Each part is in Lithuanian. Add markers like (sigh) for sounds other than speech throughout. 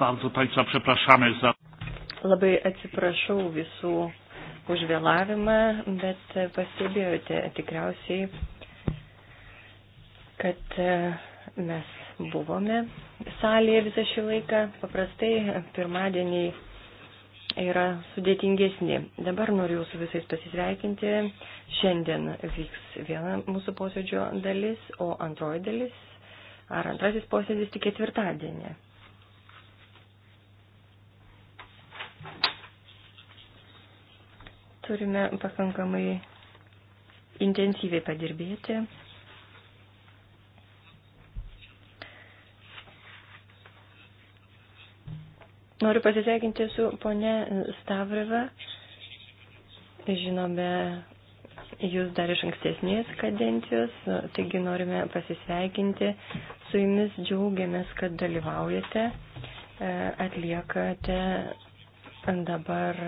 Bardzo Państwa przepraszamy za. Labai atsiprašau visų už vėlavimą, bet pastebėjote tikriausiai, kad e, mes buvome salėje visą šį laiką. Paprastai pirmadieniai yra sudėtingesni. Dabar noriu jūsų visais pasisveikinti. Šiandien vyks viena mūsų posėdžio dalis, o antroji dalis ar antrasis posėdis tik ketvirtadienį. turime pakankamai intensyviai padirbėti. Noriu pasisveikinti su ponė Stavreva. Žinome jūs dar iš ankstesnės kadencijos, taigi norime pasisveikinti su jumis, džiaugiamės, kad dalyvaujate, e, atliekate dabar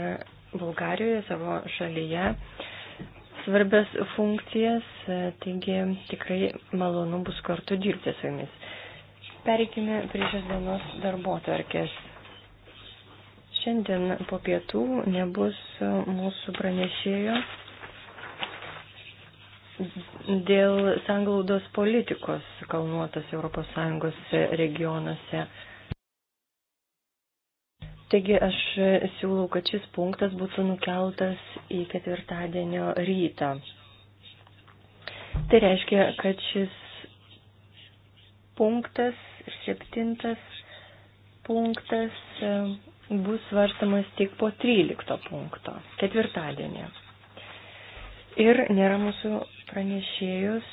Bulgarijoje, savo šalyje svarbias funkcijas, taigi tikrai malonu bus kartu dirbti su jumis. Pereikime prie šios dienos darbo tvarkės. Šiandien po pietų nebus mūsų pranešėjo dėl sanglaudos politikos kalnuotos ES regionuose. Taigi aš siūlau, kad šis punktas būtų nukeltas į ketvirtadienio rytą. Tai reiškia, kad šis punktas ir septintas punktas bus svarstamas tik po 13 punkto, ketvirtadienį. Ir nėra mūsų pranešėjus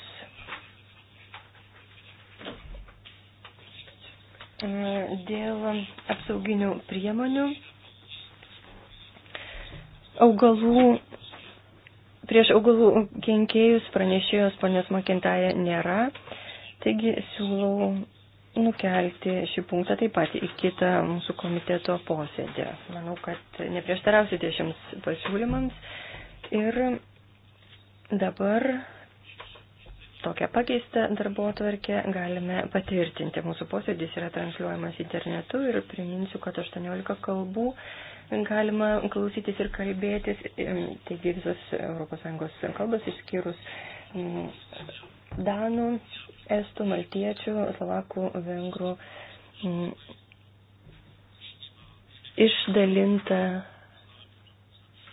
dėl apsauginių priemonių augalų. Prieš augalų kenkėjus pranešėjos ponios Makintaja nėra, taigi siūlau nukelti šį punktą taip pat į kitą mūsų komiteto posėdį. Manau, kad neprieštarausite šiems pasiūlymams ir dabar tokią pakeistą darbo atvarkę galime patvirtinti. Mūsų posėdis yra transliuojamas internetu ir priminsiu, kad 18 kalbų galima klausytis ir kalbėtis. Taigi visos ES kalbos išskyrus mm, Danų, Estų, Maltiečių, Slovakų, Vengrų mm, išdalinta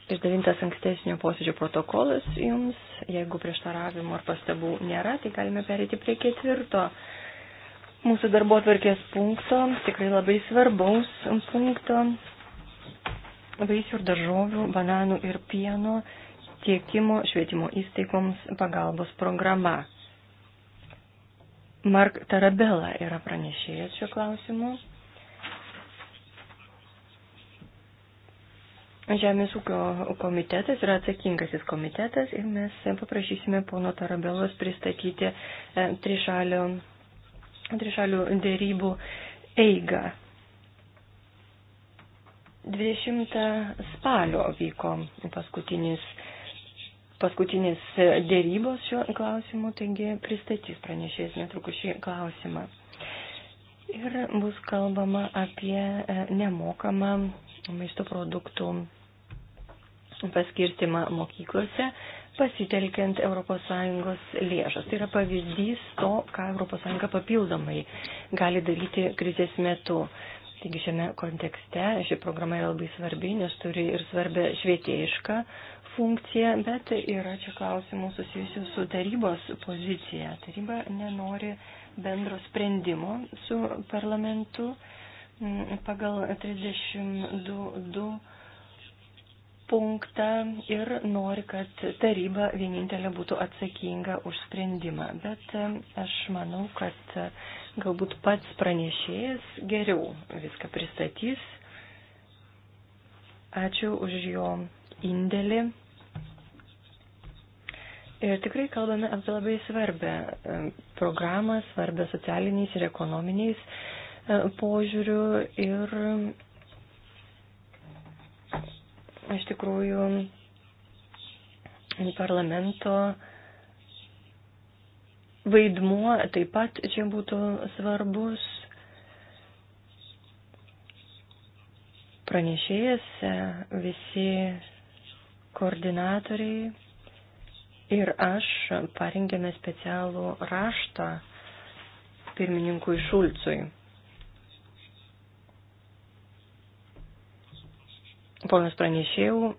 Išdalintas ankstesnio posėdžio protokolas jums. Jeigu prieštaravimų ar pastabų nėra, tai galime perėti prie ketvirto mūsų darbo atvarkės punkto, tikrai labai svarbaus punkto. Vaisių ir daržovių, bananų ir pieno tiekimo švietimo įstaigoms pagalbos programa. Mark Tarabela yra pranešėjęs šiuo klausimu. Žemės ūkio komitetas yra atsakingasis komitetas ir mes paprašysime pono Tarabelos pristatyti e, trišalio, trišalių dėrybų eigą. 20 spalio vyko paskutinis, paskutinis dėrybos šiuo klausimu, taigi pristatys pranešėjas netrukus šį klausimą. Ir bus kalbama apie e, nemokamą maisto produktų paskirstimą mokyklose, pasitelkiant ES lėšas. Tai yra pavyzdys to, ką ES papildomai gali daryti krizės metu. Taigi šiame kontekste ši programa yra labai svarbi, nes turi ir svarbę švietėjišką funkciją, bet yra čia klausimų susijusių su tarybos pozicija. Taryba nenori bendro sprendimo su parlamentu. Uh, Mm, pagal 32 punktą ir nori, kad taryba vienintelė būtų atsakinga už sprendimą. Bet aš manau, kad e, galbūt pats pranešėjas geriau viską pristatys. Ačiū už jo indėlį. Ir tikrai kalbame apie labai svarbę programą, svarbę socialiniais ir ekonominiais E, požiūriu ir iš tikrųjų parlamento vaidmuo taip pat čia būtų svarbus. Pranešėjas, e, visi koordinatoriai ir aš parengėme specialų raštą pirmininkui Šulcui. Ponas pranešėjau,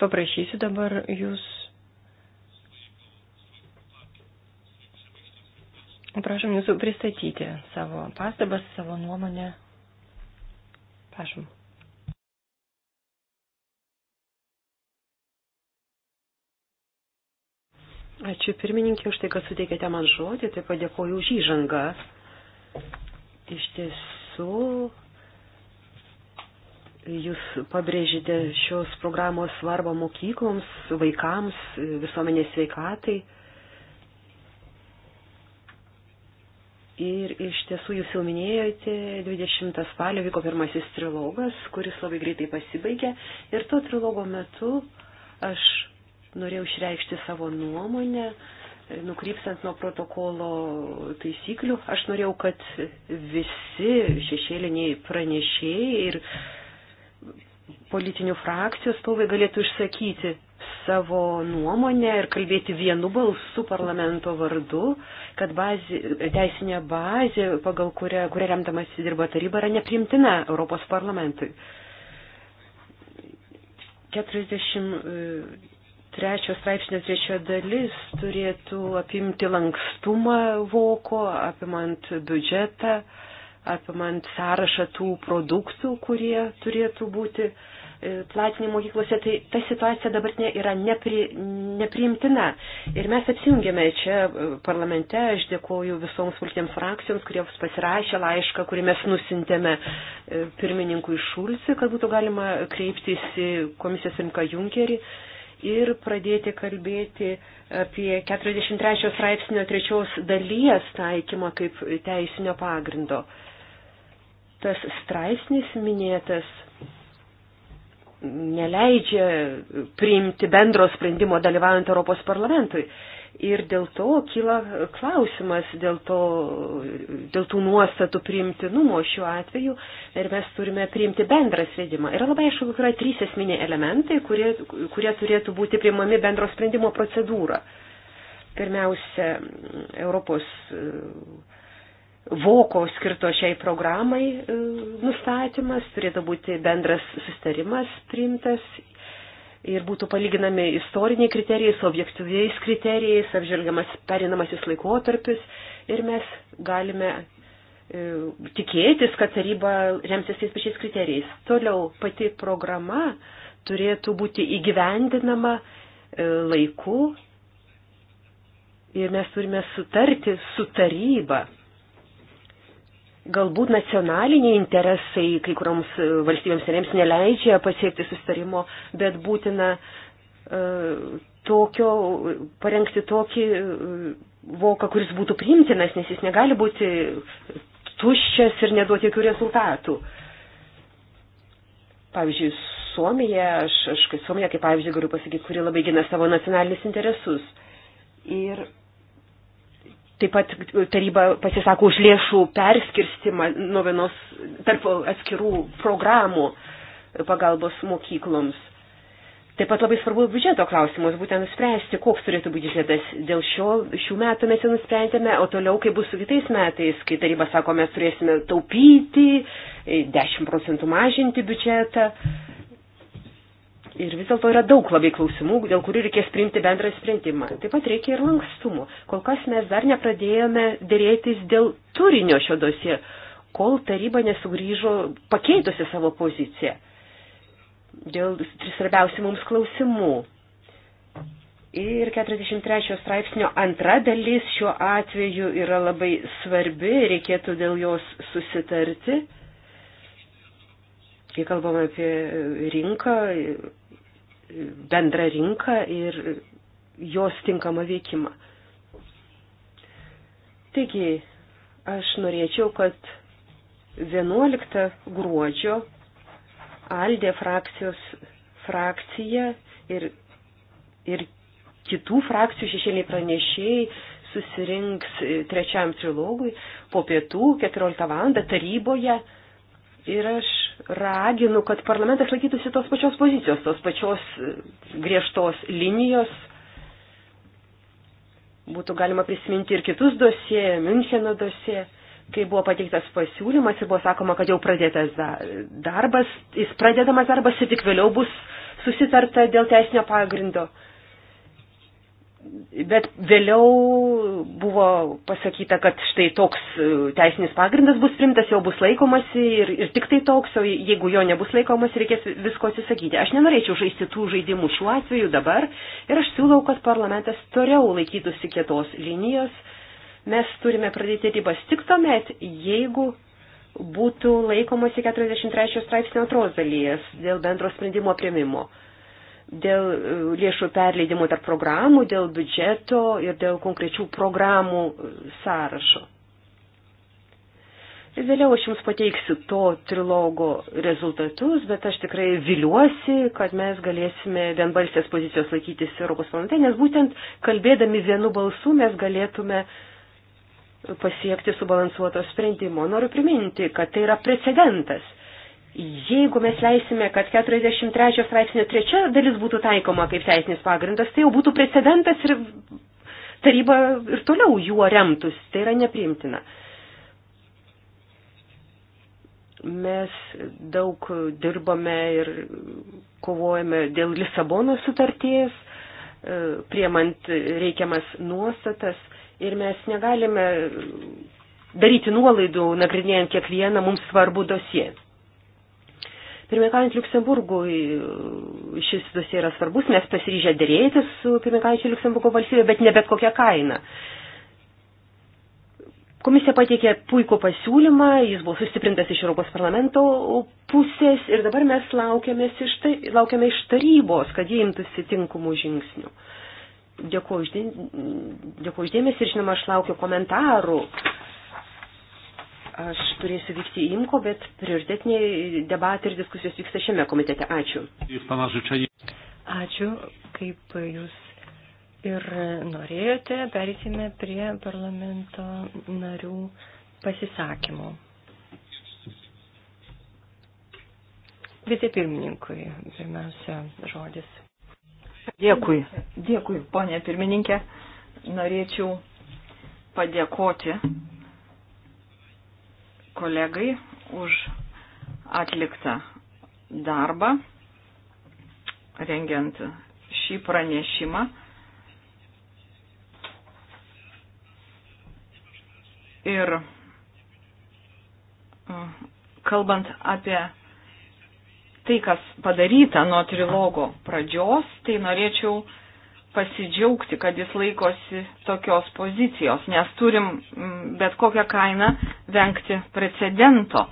paprašysiu dabar jūs. Prašom jūsų pristatyti savo pastabas, savo nuomonę. Prašom. Ačiū pirmininkė už tai, kad suteikėte man žodį, taip pat dėkoju už įžangą. Iš tiesų, Jūs pabrėžite šios programos svarbą mokykloms, vaikams, visuomenės sveikatai. Ir iš tiesų jūs jau minėjote, 20 spalio vyko pirmasis trilogas, kuris labai greitai pasibaigė. Ir to trilogo metu aš norėjau išreikšti savo nuomonę, nukrypstant nuo protokolo taisyklių. Aš norėjau, kad visi šešėliniai pranešėjai ir politinių frakcijų stovai galėtų išsakyti savo nuomonę ir kalbėti vienu balsu parlamento vardu, kad bazė, teisinė bazė, pagal kurią, kurią remdamas dirba taryba, yra neprimtina Europos parlamentui. 43 straipsnio trečio dalis turėtų apimti lankstumą voko, apimant biudžetą, uh, apimant sąrašą tų produktų, kurie turėtų būti e, platinimo mokyklose, tai ta situacija dabartinė yra nepri, nepriimtina. Ir mes apsijungėme čia e, parlamente, aš dėkoju visoms politinėms frakcijoms, kurie pasirašė laišką, kurį mes nusintėme e, pirmininkui Šulsi, kad būtų galima kreiptis į komisijos rinką Junkerį ir pradėti kalbėti apie 43 straipsnio trečios dalies taikymą kaip teisinio pagrindo tas straipsnis minėtas neleidžia priimti bendro sprendimo dalyvaujant Europos parlamentui. Ir dėl to kyla klausimas dėl, to, dėl tų nuostatų priimtinumo šiuo atveju ir mes turime priimti bendrą sprendimą. Yra labai aišku, kad yra trys esminiai elementai, kurie, kurie turėtų būti priimami bendro sprendimo procedūrą. Pirmiausia, Europos uh, voko skirto šiai programai e, nustatymas, turėtų būti bendras sustarimas priimtas ir būtų palyginami istoriniai kriterijai su objektyviais kriterijais, apžvelgiamas perinamasis laikotarpis ir mes galime e, tikėtis, kad taryba remsis tais pačiais kriterijais. Toliau pati programa turėtų būti įgyvendinama e, laiku ir mes turime sutarti su taryba galbūt nacionaliniai interesai kai kurioms e, valstybėms narėms neleidžia pasiekti sustarimo, bet būtina uh, tokio, parengti tokį uh, voką, kuris būtų priimtinas, nes jis negali būti tuščias ir neduoti jokių rezultatų. Pavyzdžiui, Suomija, aš, aš Suomija, kaip pavyzdžiui, galiu pasakyti, kuri labai gina savo nacionalinius interesus. Ir Taip pat taryba pasisako už lėšų perskirstimą nuo vienos tarp atskirų programų pagalbos mokykloms. Taip pat labai svarbu biudžeto klausimas, būtent nuspręsti, koks turėtų būti biudžetas. Dėl šio, šių metų mes jau nusprendėme, o toliau, kaip bus su kitais metais, kai taryba sako, mes turėsime taupyti, 10 procentų mažinti biudžetą. Uh, Ir vis dėlto yra daug labai klausimų, dėl kurių reikės priimti bendrą sprendimą. Taip pat reikia ir lankstumo. Kol kas mes dar nepradėjome dėrėtis dėl turinio šio dosie, kol taryba nesugryžo pakeitusi savo poziciją dėl svarbiausių mums klausimų. Ir 43 straipsnio antra dalis šiuo atveju yra labai svarbi, reikėtų dėl jos susitarti. Kai kalbame apie rinką, bendrą rinką ir jos tinkamą veikimą. Taigi, aš norėčiau, kad 11 gruodžio Aldė frakcijos frakcija ir, ir kitų frakcijų šešėliai pranešėjai susirinks trečiam trilogui po pietų 14 val. taryboje ir aš raginu, kad parlamentas laikytųsi tos pačios pozicijos, tos pačios e, griežtos linijos. Būtų galima prisiminti ir kitus dosie, Müncheno dosie, kai buvo pateiktas pasiūlymas ir buvo sakoma, kad jau pradėtas darbas, jis pradedamas darbas ir tik vėliau bus susitarta dėl teisinio pagrindo. Bet vėliau buvo pasakyta, kad štai toks e, teisinis pagrindas bus primtas, jo bus laikomasi ir, ir tik tai toks, o jeigu jo nebus laikomasi, reikės visko atsisakyti. Aš nenorėčiau žaisti tų žaidimų šiuo atveju dabar ir aš siūlau, kad parlamentas toliau laikytųsi kietos linijos. Mes turime pradėti ribas tik tuomet, jeigu būtų laikomasi 43 straipsnio antros dalies dėl bendro sprendimo prieimimo dėl e, lėšų perleidimo tarp programų, dėl biudžeto ir dėl konkrečių programų e, sąrašo. Ir vėliau aš jums pateiksiu to trilogo rezultatus, bet aš tikrai viliuosi, kad mes galėsime vienbalsės pozicijos laikytis Europos parlamente, nes būtent kalbėdami vienu balsu mes galėtume pasiekti subalansuoto sprendimo. Noriu priminti, kad tai yra precedentas Jeigu mes leisime, kad 43 straipsnio trečia dalis būtų taikoma kaip teisinis pagrindas, tai jau būtų precedentas ir taryba ir toliau juo remtus. Tai yra nepriimtina. Mes daug dirbame ir kovojame dėl Lisabono sutarties, e, priemant reikiamas nuostatas ir mes negalime daryti nuolaidų, nagrinėjant kiekvieną mums svarbų dosiją. Pirmininkaujant Luksemburgui šis dosie yra svarbus, mes pasiryžę dėrėtis su pirmininkaujančia Luksemburgo valstybė, bet ne bet kokią kainą. Komisija pateikė puikų pasiūlymą, jis buvo sustiprintas iš Europos parlamento pusės ir dabar mes laukiame iš, tai, laukiame iš tarybos, kad jie imtųsi tinkamų žingsnių. Dėkuoju uždėmesi ir žinoma, aš laukiu komentarų Aš turėsiu vykti į Imko, bet prioritetiniai debatai ir diskusijos vyksta šiame komitete. Ačiū. Ačiū, kaip jūs ir norėjote, perėsime prie parlamento narių pasisakymų. Vicepirmininkui pirmiausia žodis. Dėkui, dėkui, ponė pirmininkė. Norėčiau padėkoti kolegai už atliktą darbą, rengiant šį pranešimą. Ir mm, kalbant apie tai, kas padaryta nuo trilogo pradžios, tai norėčiau pasidžiaugti, kad jis laikosi tokios pozicijos, nes turim mm, bet kokią kainą vengti precedento.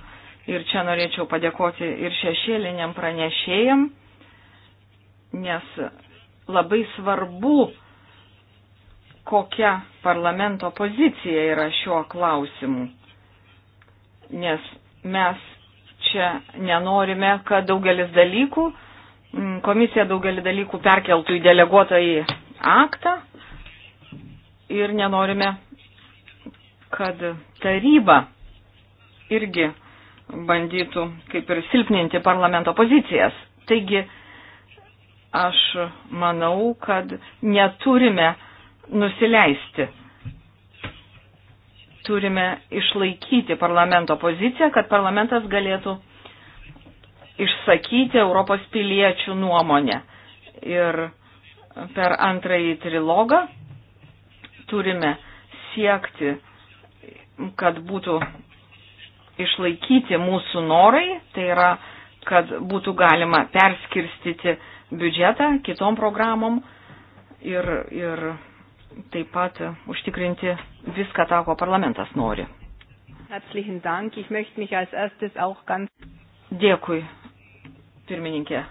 Ir čia norėčiau padėkoti ir šešėliniam pranešėjam, nes labai svarbu, kokia parlamento pozicija yra šiuo klausimu. Nes mes čia nenorime, kad daugelis dalykų Mm, komisija daugelį dalykų perkeltų į deleguotą į aktą ir nenorime, kad taryba irgi bandytų kaip ir silpninti parlamento pozicijas. Taigi, aš manau, kad neturime nusileisti. Turime išlaikyti parlamento poziciją, kad parlamentas galėtų išsakyti Europos piliečių nuomonę. Ir per antrąjį trilogą turime siekti, kad būtų išlaikyti mūsų norai, tai yra, kad būtų galima perskirstyti biudžetą kitom programom ir, ir taip pat užtikrinti viską tą, ko parlamentas nori. Dėkui pirmininkė.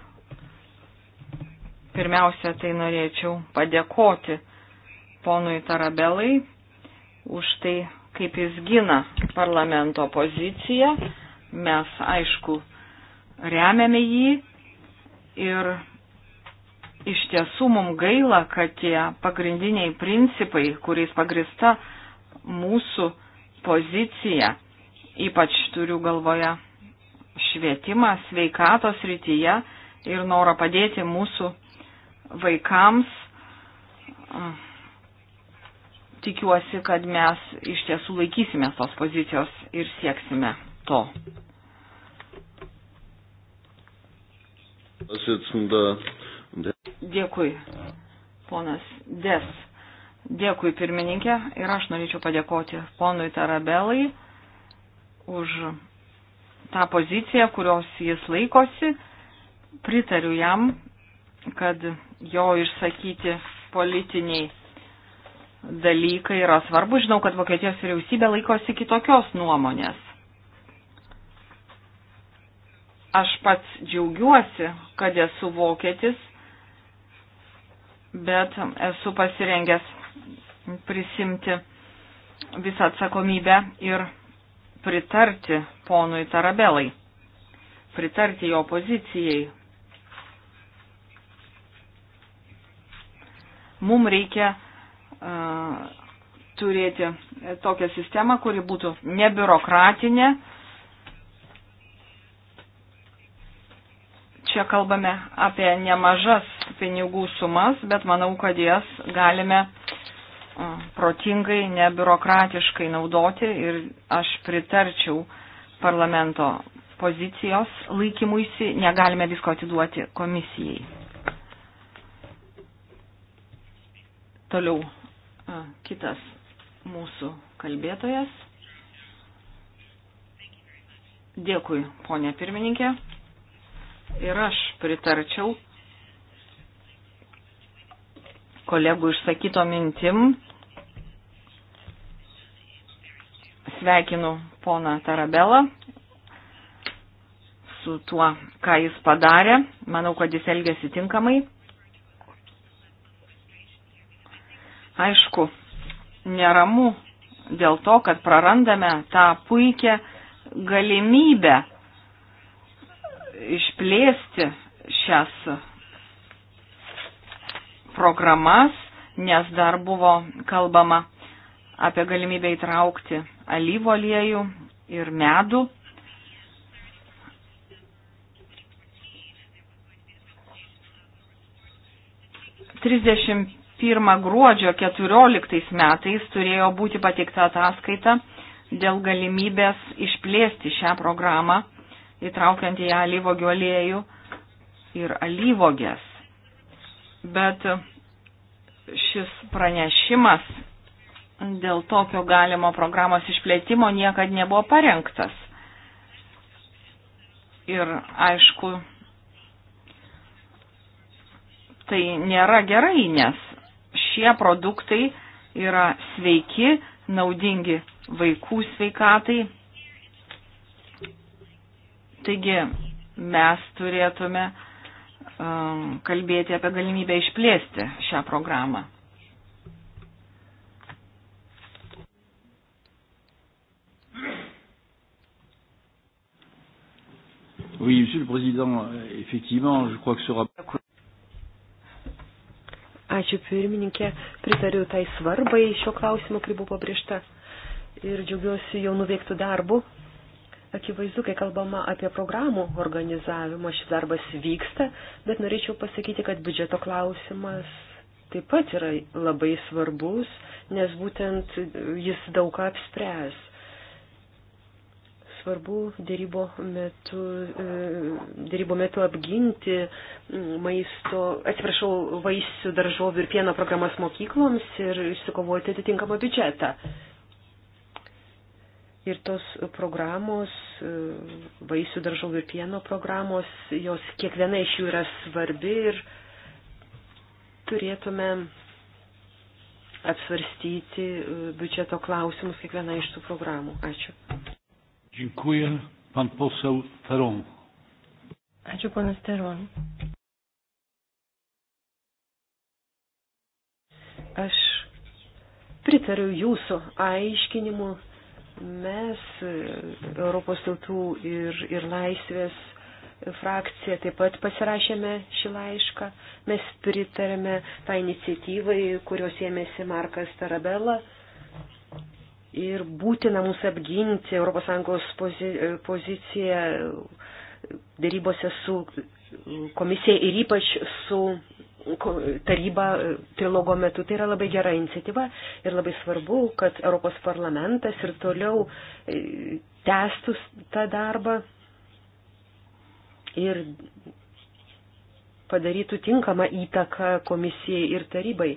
Pirmiausia, tai norėčiau padėkoti ponui Tarabelai už tai, kaip jis gina parlamento poziciją. Mes, aišku, remiame jį ir iš tiesų mums gaila, kad tie pagrindiniai principai, kuriais pagrista mūsų pozicija, ypač turiu galvoje švietimą sveikatos rytyje ir norą padėti mūsų vaikams. Mm. Tikiuosi, kad mes iš tiesų laikysime tos pozicijos ir sieksime to. Dėkui, ponas Des. Dėkui, pirmininkė. Ir aš norėčiau padėkoti ponui Tarabelai už tą poziciją, kurios jis laikosi. Pritariu jam, kad jo išsakyti politiniai dalykai yra svarbu. Žinau, kad Vokietijos vyriausybė laikosi kitokios nuomonės. Aš pats džiaugiuosi, kad esu vokietis, bet esu pasirengęs prisimti visą atsakomybę ir pritarti ponui Tarabelai, pritarti jo pozicijai. Mums reikia uh, turėti tokią sistemą, kuri būtų nebiurokratinė. Čia kalbame apie nemažas pinigų sumas, bet manau, kad jas galime uh, protingai, nebiurokratiškai naudoti ir aš pritarčiau parlamento pozicijos laikymuisi, negalime visko atiduoti komisijai. Toliau kitas mūsų kalbėtojas. Dėkui, ponė pirmininkė. Ir aš pritarčiau kolegų išsakyto mintim. Sveikinu poną Tarabelą su tuo, ką jis padarė. Manau, kad jis elgėsi tinkamai. Aišku, neramu dėl to, kad prarandame tą puikią galimybę išplėsti šias programas, nes dar buvo kalbama apie galimybę įtraukti alyvo aliejų ir medų. Trisdešimt pirmą gruodžio 14 metais turėjo būti pateikta ataskaita dėl galimybės išplėsti šią programą, įtraukiant į ją alyvogių aliejų ir alyvogės. Bet šis pranešimas dėl tokio galimo programos išplėtimo niekad nebuvo parengtas. Ir aišku, tai nėra gerai, nes šie produktai yra sveiki, naudingi vaikų sveikatai. Taigi mes turėtume uh, Um, kalbėti apie galimybę išplėsti šią programą. Oui, Monsieur le Président, effectivement, je crois que ce rapport. Ačiū pirmininkė, pritariu tai svarbai šio klausimo, kaip buvo pabrėžta ir džiaugiuosi jau nuveiktų darbų. Akivaizdu, kai kalbama apie programų organizavimą, šis darbas vyksta, bet norėčiau pasakyti, kad biudžeto klausimas taip pat yra labai svarbus, nes būtent jis daug ką apspręs. Svarbu dėrybo metu, e, dėrybo metu apginti maisto, atsiprašau, vaisių, daržovių ir pieno programas mokykloms ir išsikovoti atitinkamą biudžetą. Ir tos programos, e, vaisių daržovių ir pieno programos, jos kiekviena iš jų yra svarbi ir turėtume apsvarstyti e, biudžeto klausimus kiekvieną iš tų programų. Ačiū. Dziękuję. Pan poseł Feron. Ačiū, ponas Teron. Aš pritariu jūsų aiškinimu Mes, Europos tautų ir, ir laisvės frakcija, taip pat pasirašėme šį laišką. Mes pritarėme tą tai iniciatyvai, kurios ėmėsi Markas Tarabela. Ir būtina mums apginti ES pozi poziciją darybose su komisija ir ypač su taryba e, trilogo metu. Tai yra labai gera iniciatyva ir labai svarbu, kad Europos parlamentas ir toliau e, tęstų tą darbą ir padarytų tinkamą įtaką komisijai ir tarybai.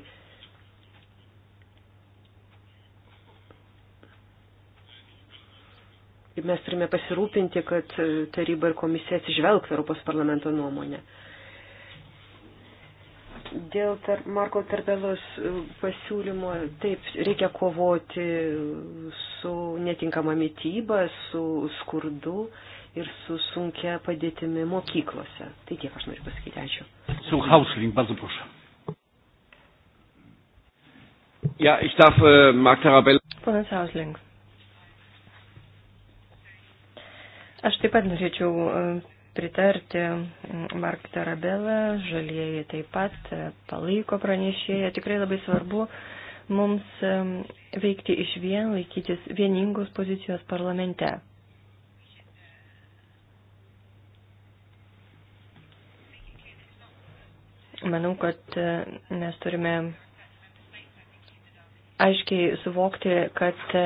Ir mes turime pasirūpinti, kad e, taryba ir komisija atsižvelgtų Europos parlamento nuomonę. Dėl tar, Marko Tarbelos e, pasiūlymo, taip, reikia kovoti su netinkama mytyba, su skurdu ir su sunkia padėtimi mokyklose. Tai tiek aš noriu pasakyti. Ačiū. Su Hausling, bardzo proszę. Ja, ich darf äh, Mark Tarabella. Ponas Hausling. Aš taip pat norėčiau e, pritarti Mark Tarabelą, žalieji taip pat palaiko pranešėją. Tikrai labai svarbu mums veikti iš vien, laikytis vieningos pozicijos parlamente. Manau, kad e, mes turime aiškiai suvokti, kad e,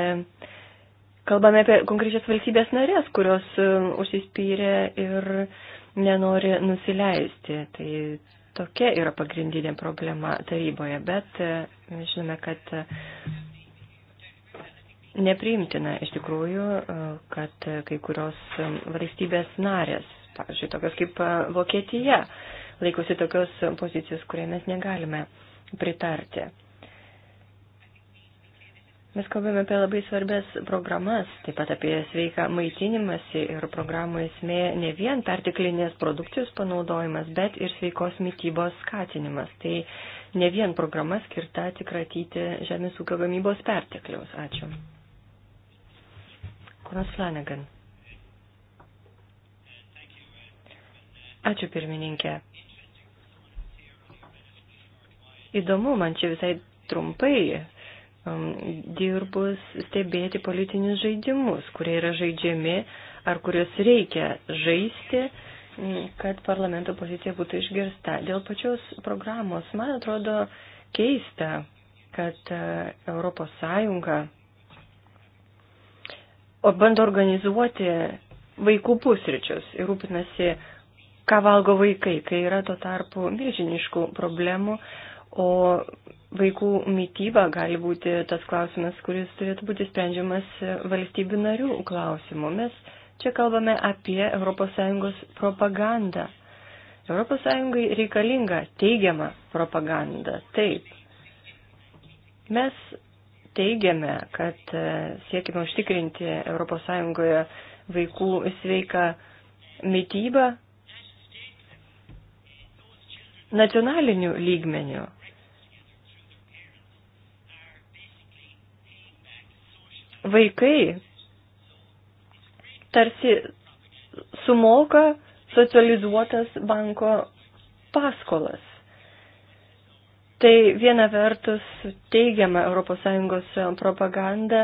Kalbame apie konkrečias valstybės narės, kurios e, užsispyrė ir nenori nusileisti. Tai tokia yra pagrindinė problema taryboje, bet e, žinome, kad e, nepriimtina iš tikrųjų, kad kai kurios valstybės narės, pavyzdžiui, tokios kaip Vokietija, laikosi tokios pozicijos, kuriai mes negalime pritarti. Mes kalbame apie labai svarbės programas, taip pat apie sveiką maitinimąsi ir programų esmė ne vien pertiklinės produkcijos panaudojimas, bet ir sveikos mytybos skatinimas. Tai ne vien programa skirta atsikratyti žemės ūkio gamybos pertekliaus. Ačiū. Konas Flanagan. Ačiū pirmininkė. Įdomu man čia visai trumpai Um, dirbus stebėti politinius žaidimus, kurie yra žaidžiami ar kuriuos reikia žaisti, mm, kad parlamento pozicija būtų išgirsta. Dėl pačios programos, man atrodo keista, kad e, Europos Sąjunga bando organizuoti vaikų pusryčius ir rūpinasi, ką valgo vaikai, kai yra tuo tarpu milžiniškų problemų O vaikų mytyba gali būti tas klausimas, kuris turėtų būti sprendžiamas valstybių narių klausimu. Mes čia kalbame apie ES propagandą. ES reikalinga teigiama propaganda. Taip. Mes teigiame, kad siekime užtikrinti ES vaikų sveiką mytybą nacionaliniu lygmeniu. vaikai tarsi sumoka socializuotas banko paskolas. Tai viena vertus teigiama ES propaganda,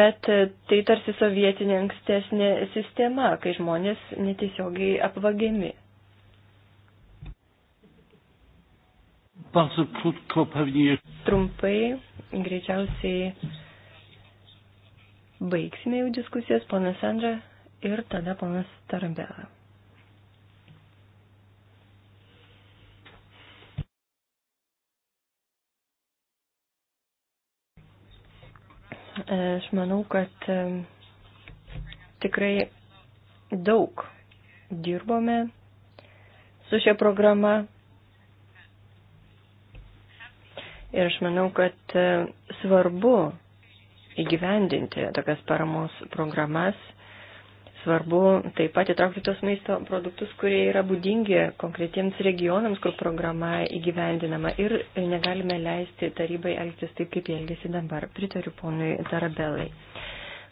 bet tai tarsi sovietinė ankstesnė sistema, kai žmonės netiesiogiai apvagiami. Trumpai, greičiausiai baigsime jau diskusijas, ponas Andžia ir tada ponas Tarambela. Aš manau, kad tikrai daug dirbome su šia programa. Ir aš manau, kad svarbu įgyvendinti tokias paramos programas. Svarbu taip pat įtraukti tos maisto produktus, kurie yra būdingi konkretiems regionams, kur programa įgyvendinama ir negalime leisti tarybai elgtis taip, kaip elgesi dabar. Pritariu ponui Tarabelai.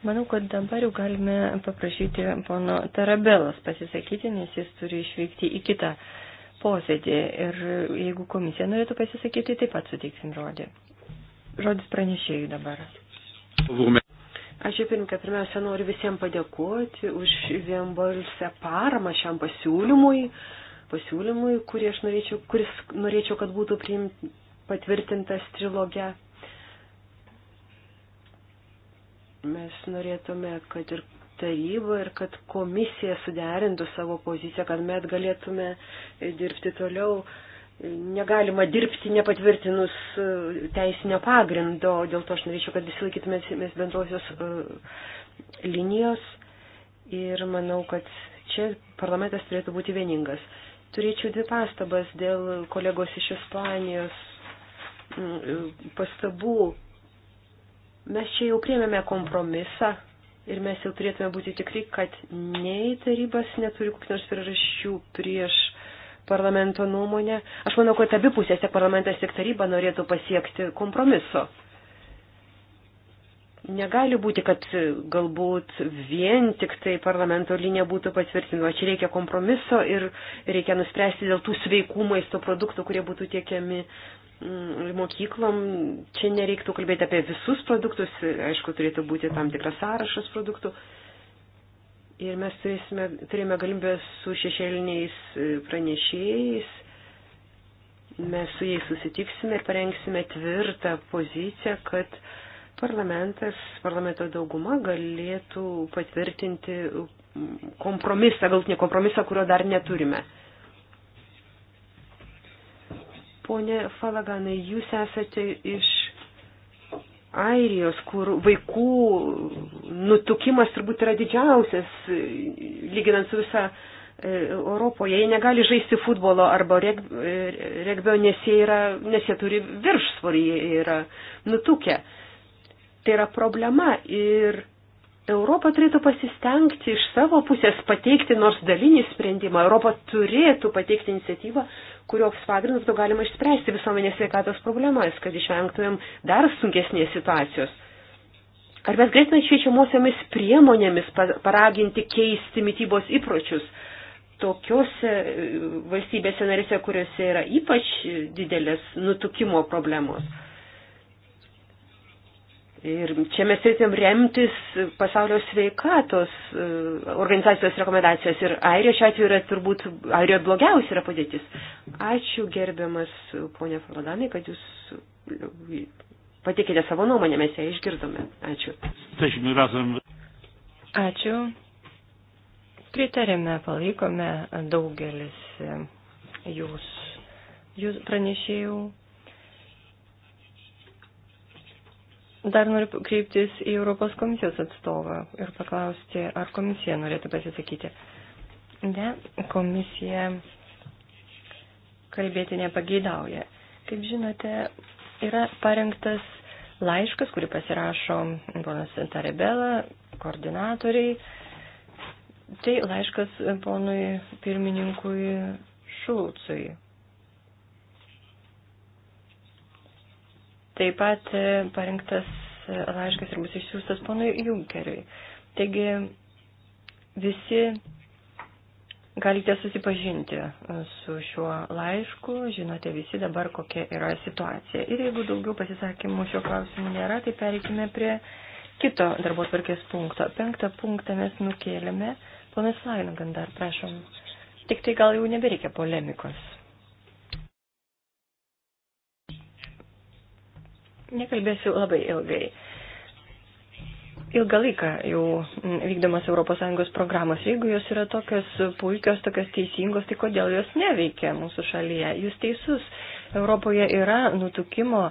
Manau, kad dabar jau galime paprašyti pono Tarabelos pasisakyti, nes jis turi išvykti į kitą posėdį. Ir jeigu komisija norėtų pasisakyti, taip pat suteiksim žodį. Žodis pranešėjai dabar. Aš jau pirmką, pirmiausia, noriu visiems padėkoti už vienbalsę paramą šiam pasiūlymui, pasiūlymui, kurį aš norėčiau, kuris norėčiau, kad būtų priimt, patvirtintas trilogė. Mes norėtume, kad ir taryba, ir kad komisija suderintų savo poziciją, kad mes galėtume dirbti toliau negalima dirbti nepatvirtinus e, teisinio pagrindo, dėl to aš norėčiau, kad visi laikytumės bendrosios e, linijos ir manau, kad čia parlamentas turėtų būti vieningas. Turėčiau dvi pastabas dėl kolegos iš Ispanijos e, pastabų. Mes čia jau priemėme kompromisą ir mes jau turėtume būti tikri, kad nei tarybas neturi kokios priežasčių prieš parlamento nuomonę. Aš manau, kad abi pusės, tiek parlamentas, tiek taryba norėtų pasiekti kompromiso. Negali būti, kad galbūt vien tik tai parlamento linija būtų patvirtinama. Čia reikia kompromiso ir reikia nuspręsti dėl tų sveikų maisto produktų, kurie būtų tiekiami mm, mokyklom. Čia nereiktų kalbėti apie visus produktus, aišku, turėtų būti tam tikras sąrašas produktų. Uh, Ir mes turėsime, turėjome galimybę su šešėliniais e, pranešėjais, mes su jais susitiksime ir parengsime tvirtą poziciją, kad parlamentas, parlamento dauguma galėtų patvirtinti kompromisą, galtinį kompromisą, kurio dar neturime. Pone Falaganai, jūs esate iš Airijos, kur vaikų nutukimas turbūt yra didžiausias, lyginant su visa e, Europoje. Jie negali žaisti futbolo arba e, regbio, nes jie, yra, nes jie turi viršsvorį, jie yra nutukę. Tai yra problema ir Europa turėtų pasistengti iš savo pusės pateikti nors dalinį sprendimą. Europa turėtų pateikti iniciatyvą, kurios pagrindas to galima išspręsti visuomenės sveikatos problemas, kad išvengtumėm dar sunkesnės situacijos. Ar mes galėtume šviečiamosiomis priemonėmis paraginti keisti mytybos įpročius tokiuose e, valstybėse narėse, kuriuose yra ypač didelės nutukimo problemos? Ir čia mes turėtumėm remtis pasaulio sveikatos e, organizacijos rekomendacijos. Ir Airija šiuo atveju yra turbūt, Airija blogiausia yra padėtis. Ačiū gerbiamas ponė Faladanai, kad jūs patikite savo nuomonę, mes ją išgirdome. Ačiū. Ačiū. Pritarėme, palaikome daugelis e, jūs, jūs pranešėjų Dar noriu kreiptis į Europos komisijos atstovą ir paklausti, ar komisija norėtų pasisakyti. Ne, komisija kalbėti nepageidauja. Kaip žinote, yra parengtas laiškas, kurį pasirašo ponas Tarebela, koordinatoriai. Tai laiškas ponui pirmininkui Šulcui. Taip pat e, parinktas e, laiškas ir bus išsiųstas ponui Junkeriui. Taigi visi galite susipažinti e, su šiuo laišku, žinote visi dabar, kokia yra situacija. Ir jeigu daugiau pasisakymų šio klausimu nėra, tai pereikime prie kito darbo tvarkės punkto. Penktą punktą mes nukėlėme. Ponas Lainagan dar, prašom. Tik tai gal jau nebereikia polemikos. Nekalbėsiu labai ilgai. Ilgą laiką jau vykdomas ES programos, jeigu jos yra tokios puikios, tokios teisingos, tai kodėl jos neveikia mūsų šalyje? Jūs teisus, Europoje yra nutukimo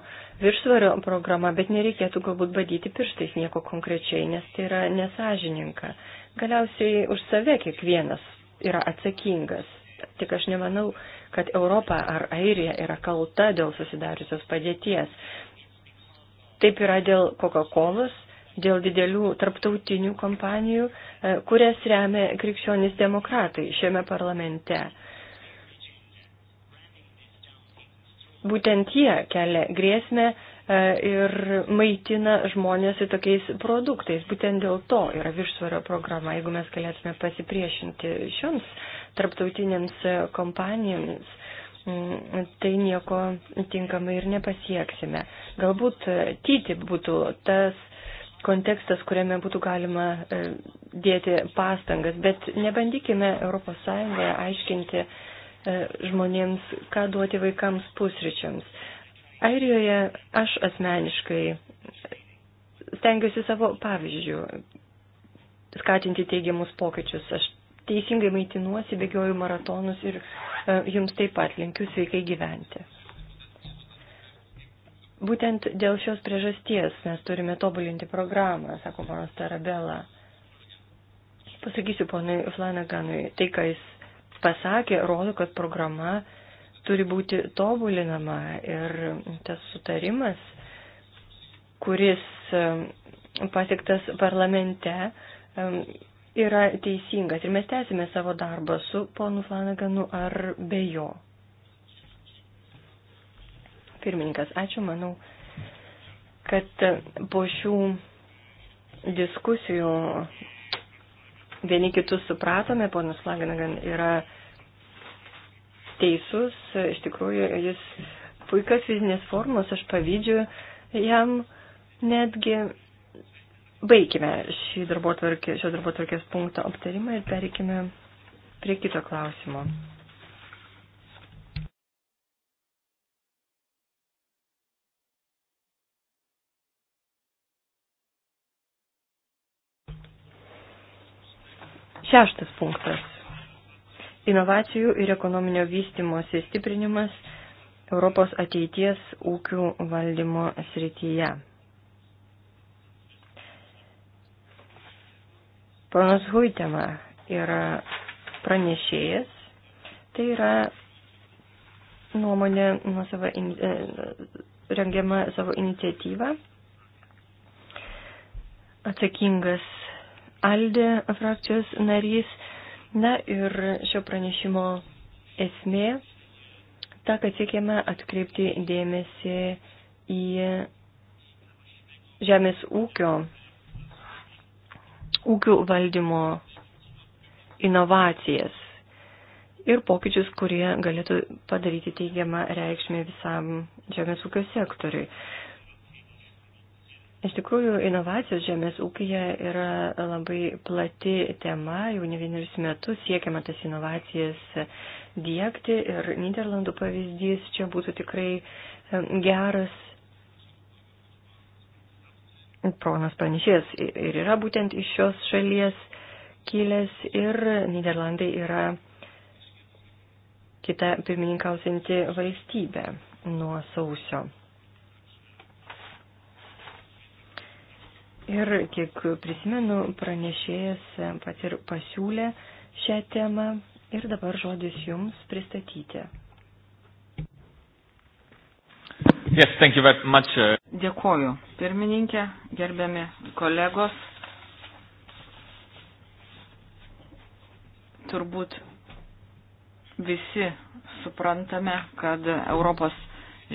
viršsvario programa, bet nereikėtų galbūt badyti pirštais nieko konkrečiai, nes tai yra nesažininka. Galiausiai už save kiekvienas yra atsakingas. Tik aš nemanau, kad Europa ar Airija yra kalta dėl susidariusios padėties. Taip yra dėl Coca-Cola, dėl didelių tarptautinių kompanijų, e, kurias remia krikščionis demokratai šiame parlamente. Būtent jie kelia grėsmę e, ir maitina žmonės į tokiais produktais. Būtent dėl to yra viršsvario programa. Jeigu mes galėtume pasipriešinti šioms tarptautinėms e, kompanijoms, Mm, tai nieko tinkamai ir nepasieksime. Galbūt e, tyti būtų tas kontekstas, kuriame būtų galima e, dėti pastangas, bet nebandykime ES aiškinti e, žmonėms, ką duoti vaikams pusryčiams. Airijoje aš asmeniškai stengiuosi savo pavyzdžių skatinti teigiamus pokyčius. Aš teisingai maitinuosi, bėgioju maratonus ir e, jums taip pat linkiu sveikai gyventi. Būtent dėl šios priežasties mes turime tobulinti programą, sako ponas Tarabela. Pasakysiu ponui Flanaganui, tai, ką jis pasakė, rodo, kad programa turi būti tobulinama ir tas sutarimas, kuris e, pasiektas parlamente, e, yra teisingas ir mes tęsime savo darbą su ponu Flanaganu ar be jo. Pirmininkas, ačiū, manau, kad po šių diskusijų vieni kitus supratome, ponas Flanagan yra teisus, iš tikrųjų jis puikas fizinės formos, aš pavydžiu jam netgi Baigime šį darbotvarkė, šio darbotvarkės punkto aptarimą ir pereikime prie kito klausimo. Šeštas punktas. Inovacijų ir ekonominio vystimosi stiprinimas Europos ateities ūkių valdymo srityje. Ponas Huitema yra pranešėjas, tai yra nuomonė nuo savo in, e, rengiama savo iniciatyvą. Atsakingas Aldė frakcijos narys. Na ir šio pranešimo esmė ta, kad siekiame atkreipti dėmesį į žemės ūkio ūkių valdymo inovacijas ir pokyčius, kurie galėtų padaryti teigiamą reikšmę visam žemės ūkio sektoriui. Iš tikrųjų, inovacijos žemės ūkija yra labai plati tema, jau ne vienerius metus siekiama tas inovacijas dėkti ir Niderlandų pavyzdys čia būtų tikrai geras Pronas pranešėjas ir yra būtent iš šios šalies kilęs ir Niderlandai yra kita pirmininkausinti valstybė nuo sausio. Ir kiek prisimenu, pranešėjas pats ir pasiūlė šią temą ir dabar žodis jums pristatyti. Yes, much, uh... Dėkoju, pirmininkė gerbiami kolegos, turbūt visi suprantame, kad Europos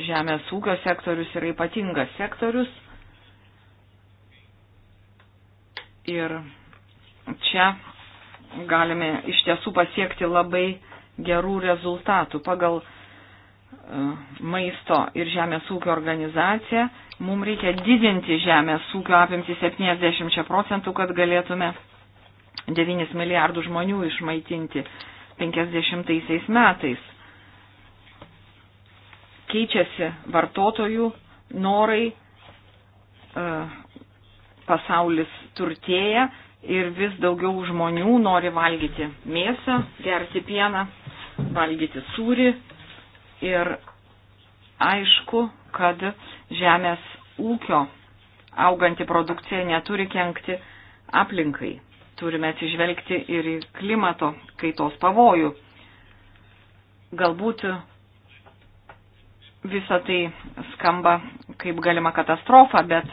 žemės ūkio sektorius yra ypatingas sektorius. Ir čia galime iš tiesų pasiekti labai gerų rezultatų. Pagal E, maisto ir žemės ūkio organizacija. Mums reikia didinti žemės ūkio apimti 70 procentų, kad galėtume 9 milijardų žmonių išmaitinti 50 metais. Keičiasi vartotojų norai, e, pasaulis turtėja ir vis daugiau žmonių nori valgyti mėsą, gerti pieną, valgyti sūrį, Ir aišku, kad žemės ūkio auganti produkcija neturi kenkti aplinkai. Turime atsižvelgti ir į klimato kaitos pavojų. Galbūt visa tai skamba kaip galima katastrofa, bet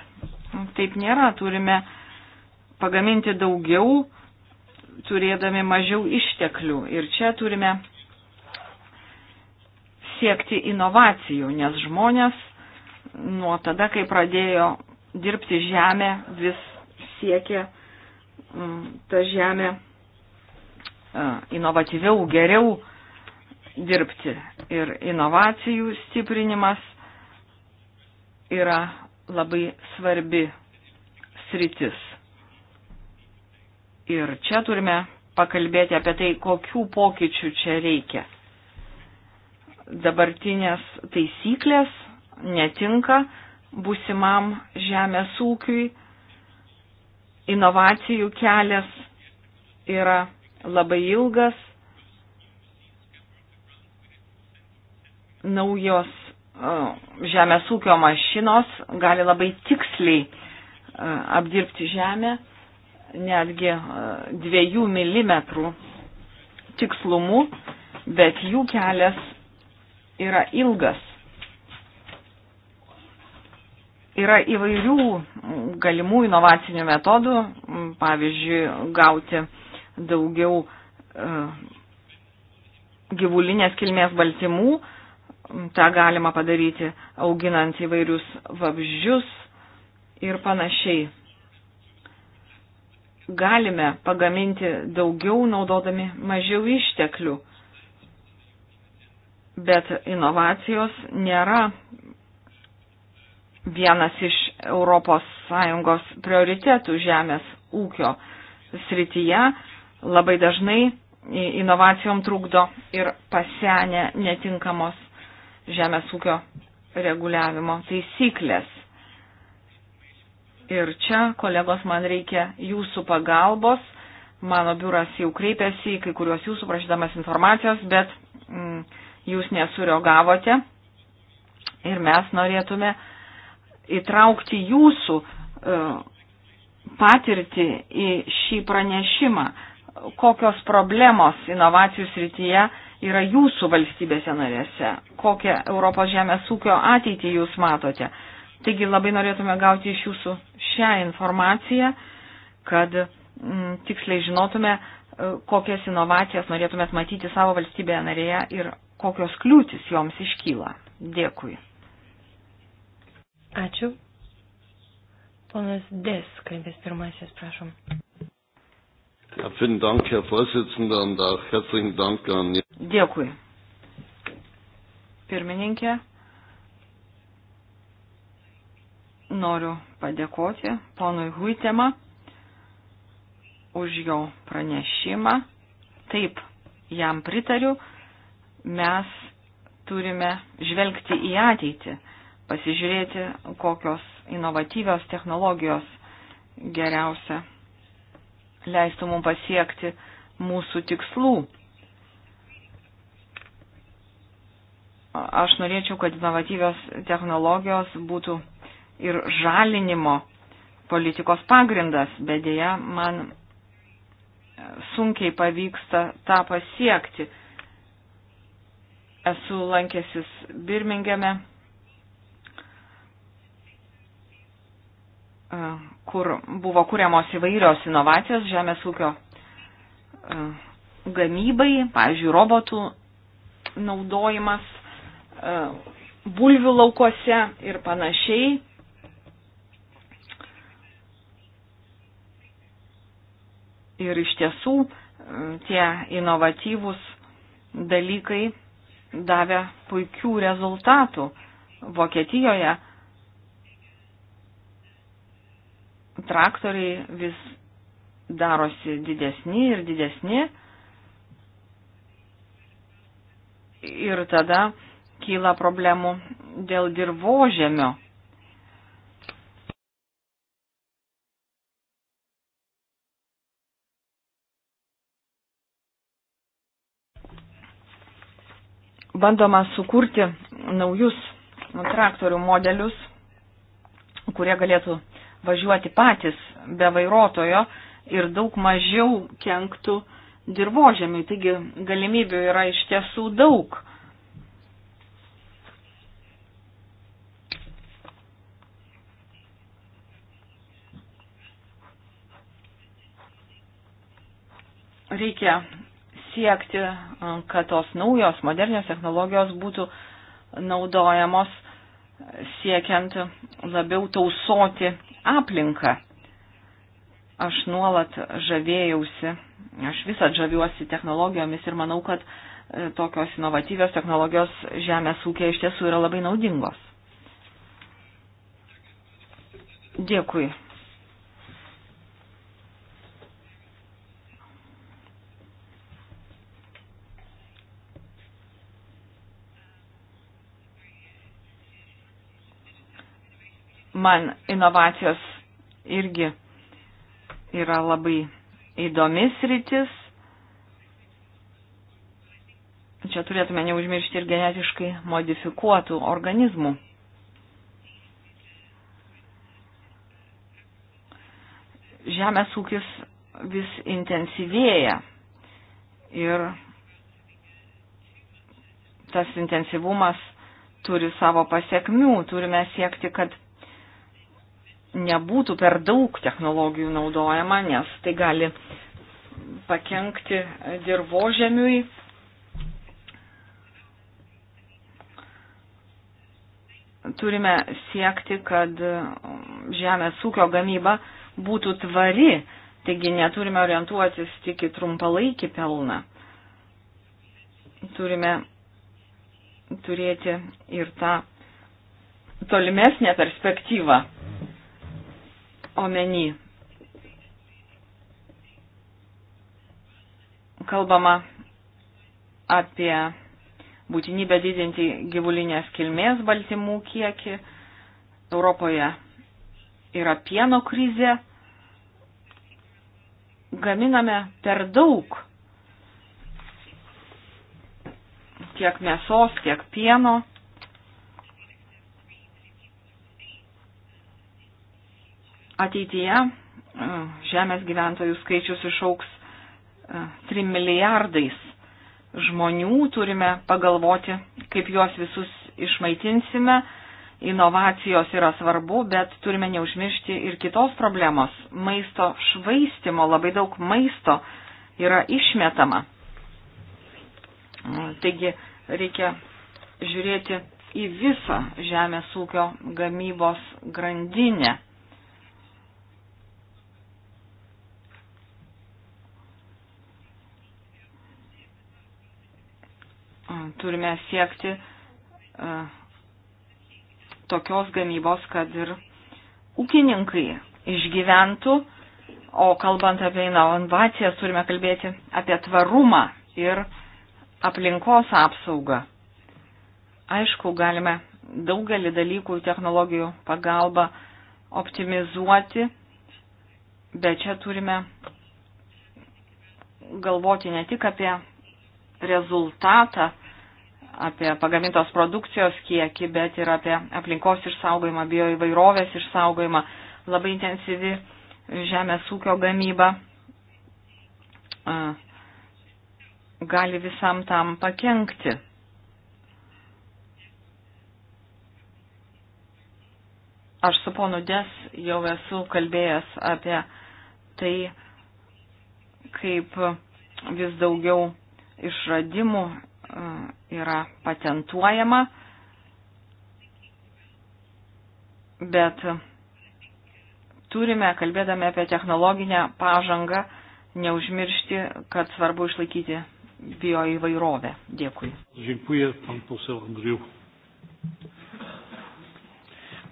taip nėra. Turime pagaminti daugiau, turėdami mažiau išteklių. Ir čia turime siekti inovacijų, nes žmonės nuo tada, kai pradėjo dirbti žemę, vis siekė mm, tą žemę e, inovatyviau, geriau dirbti. Ir inovacijų stiprinimas yra labai svarbi sritis. Ir čia turime pakalbėti apie tai, kokių pokyčių čia reikia dabartinės taisyklės netinka būsimam žemės ūkiui. Inovacijų kelias yra labai ilgas. Naujos žemės ūkio mašinos gali labai tiksliai apdirbti žemę, netgi dviejų milimetrų tikslumu, bet jų kelias yra ilgas. Yra įvairių galimų inovacinių metodų, pavyzdžiui, gauti daugiau e, gyvulinės kilmės baltymų, tą galima padaryti auginant įvairius vabzdžius ir panašiai. Galime pagaminti daugiau naudodami mažiau išteklių. Bet inovacijos nėra vienas iš ES prioritetų žemės ūkio srityje. Labai dažnai inovacijom trukdo ir pasenę netinkamos žemės ūkio reguliavimo taisyklės. Ir čia, kolegos, man reikia jūsų pagalbos. Mano biuras jau kreipėsi į kai kuriuos jūsų prašydamas informacijos, bet mm, jūs nesureagavote ir mes norėtume įtraukti jūsų e, patirtį į šį pranešimą, kokios problemos inovacijų srityje yra jūsų valstybėse narėse, kokią Europos žemės ūkio ateitį jūs matote. Taigi labai norėtume gauti iš jūsų šią informaciją, kad m, mm, tiksliai žinotume, e, kokias inovacijas norėtumėt matyti savo valstybėje narėje ir kokios kliūtis joms iškyla. Dėkui. Ačiū. Ponas Des, kalbės pirmasis, prašom. Ja, vielen Dank, Herr Vorsitzender, und auch herzlichen Dank an Dėkui. Pirmininkė, noriu padėkoti ponui Huitema už jo pranešimą. Taip, jam pritariu, mes turime žvelgti į ateitį, pasižiūrėti, kokios inovatyvios technologijos geriausia leistų mums pasiekti mūsų tikslų. Aš norėčiau, kad inovatyvios technologijos būtų ir žalinimo politikos pagrindas, bet dėja man sunkiai pavyksta tą pasiekti esu lankęsis Birmingeme, e, kur buvo kuriamos įvairios inovacijos žemės ūkio e, gamybai, pavyzdžiui, robotų naudojimas e, bulvių laukuose ir panašiai. Ir iš tiesų tie inovatyvūs dalykai davė puikių rezultatų. Vokietijoje traktoriai vis darosi didesni ir didesni. Ir tada kyla problemų dėl dirbožėmio. bandoma sukurti naujus traktorių modelius, kurie galėtų važiuoti patys be vairuotojo ir daug mažiau kenktų dirbožėmiui. Taigi galimybių yra iš tiesų daug. Reikia siekti, kad tos naujos modernios technologijos būtų naudojamos siekiant labiau tausoti aplinką. Aš nuolat žavėjausi, aš visą žaviuosi technologijomis ir manau, kad e, tokios inovatyvios technologijos žemės ūkė iš tiesų yra labai naudingos. Dėkui. man inovacijos irgi yra labai įdomis rytis. Čia turėtume neužmiršti ir genetiškai modifikuotų organizmų. Žemės ūkis vis intensyvėja ir tas intensyvumas turi savo pasiekmių. Turime siekti, kad nebūtų per daug technologijų naudojama, nes tai gali pakenkti dirbožemiui. Turime siekti, kad žemės ūkio gamyba būtų tvari, taigi neturime orientuotis tik į trumpalaikį pelną. Turime turėti ir tą tolimesnę perspektyvą omeny. Kalbama apie būtinybę didinti gyvulinės kilmės baltymų kiekį. Europoje yra pieno krizė. Gaminame per daug tiek mėsos, tiek pieno. Ateityje e, žemės gyventojų skaičius išauks 3 e, milijardais žmonių, turime pagalvoti, kaip juos visus išmaitinsime. Inovacijos yra svarbu, bet turime neužmiršti ir kitos problemos. Maisto švaistimo, labai daug maisto yra išmetama. Taigi reikia žiūrėti į visą žemės ūkio gamybos grandinę. turime siekti tokios gamybos, kad ir ūkininkai išgyventų, o kalbant apie inovacijas turime kalbėti apie tvarumą ir aplinkos apsaugą. Aišku, galime daugelį dalykų technologijų pagalba optimizuoti, bet čia turime galvoti ne tik apie rezultatą, apie pagamintos produkcijos kiekį, bet ir apie aplinkos išsaugojimą, bioįvairovės išsaugojimą, labai intensyvi žemės ūkio gamyba gali visam tam pakengti. Aš su ponu Des jau esu kalbėjęs apie tai, kaip vis daugiau išradimų E, yra patentuojama, bet turime, kalbėdami apie technologinę pažangą, neužmiršti, kad svarbu išlaikyti bio įvairovę. Dėkui. Dziękuję, pan poseł Andriu.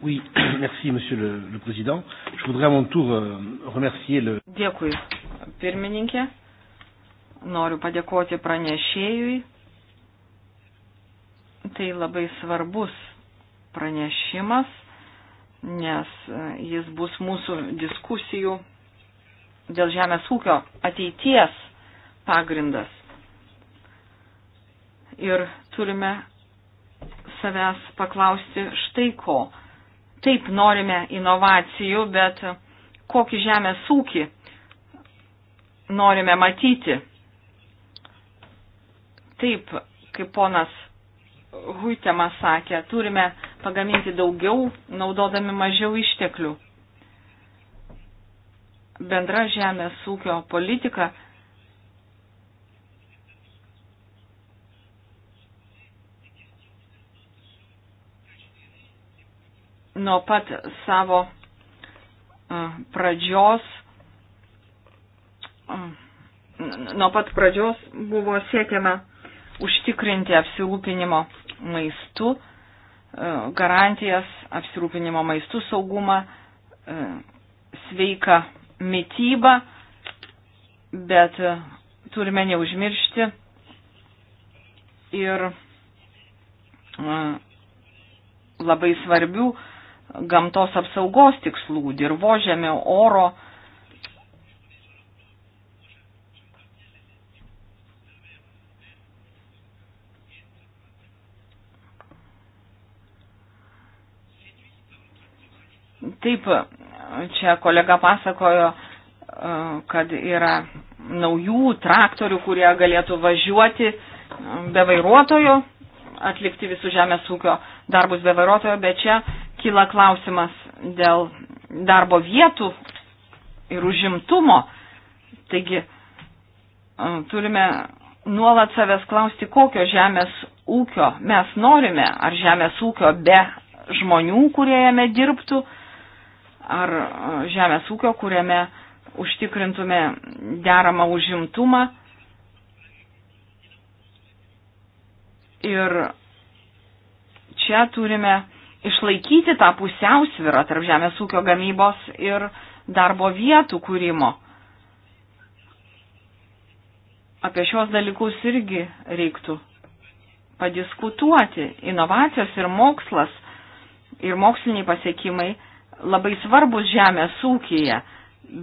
Oui, (coughs) merci, monsieur le, le président. Je voudrais à mon tour euh, remercier le. Dėkui, pirmininkė. Noriu padėkoti pranešėjui Tai labai svarbus pranešimas, nes e, jis bus mūsų diskusijų dėl žemės ūkio ateities pagrindas. Ir turime savęs paklausti štai ko. Taip norime inovacijų, bet kokį žemės ūkį norime matyti. Taip, kaip ponas Huitema sakė, turime pagaminti daugiau, naudodami mažiau išteklių. Bendra žemės ūkio politika nuo pat savo pradžios nuo pat pradžios buvo siekiama užtikrinti apsilūpinimo maistu, e, garantijas apsirūpinimo maistų saugumą, e, sveiką mytybą, bet e, turime neužmiršti ir labai svarbių gamtos apsaugos tikslų, dirbožėmio oro, Taip, čia kolega pasakojo, e, kad yra naujų traktorių, kurie galėtų važiuoti e, be vairuotojo, atlikti visų žemės ūkio darbus be vairuotojo, bet čia kyla klausimas dėl darbo vietų ir užimtumo. Taigi e, turime nuolat savęs klausti, kokio žemės ūkio mes norime, ar žemės ūkio be žmonių, kurie jame dirbtų, ar žemės ūkio, kuriame užtikrintume deramą užimtumą. Ir čia turime išlaikyti tą pusiausvyrą tarp žemės ūkio gamybos ir darbo vietų kūrimo. Apie šios dalykus irgi reiktų padiskutuoti. Inovacijos ir mokslas ir moksliniai pasiekimai labai svarbus žemės ūkija,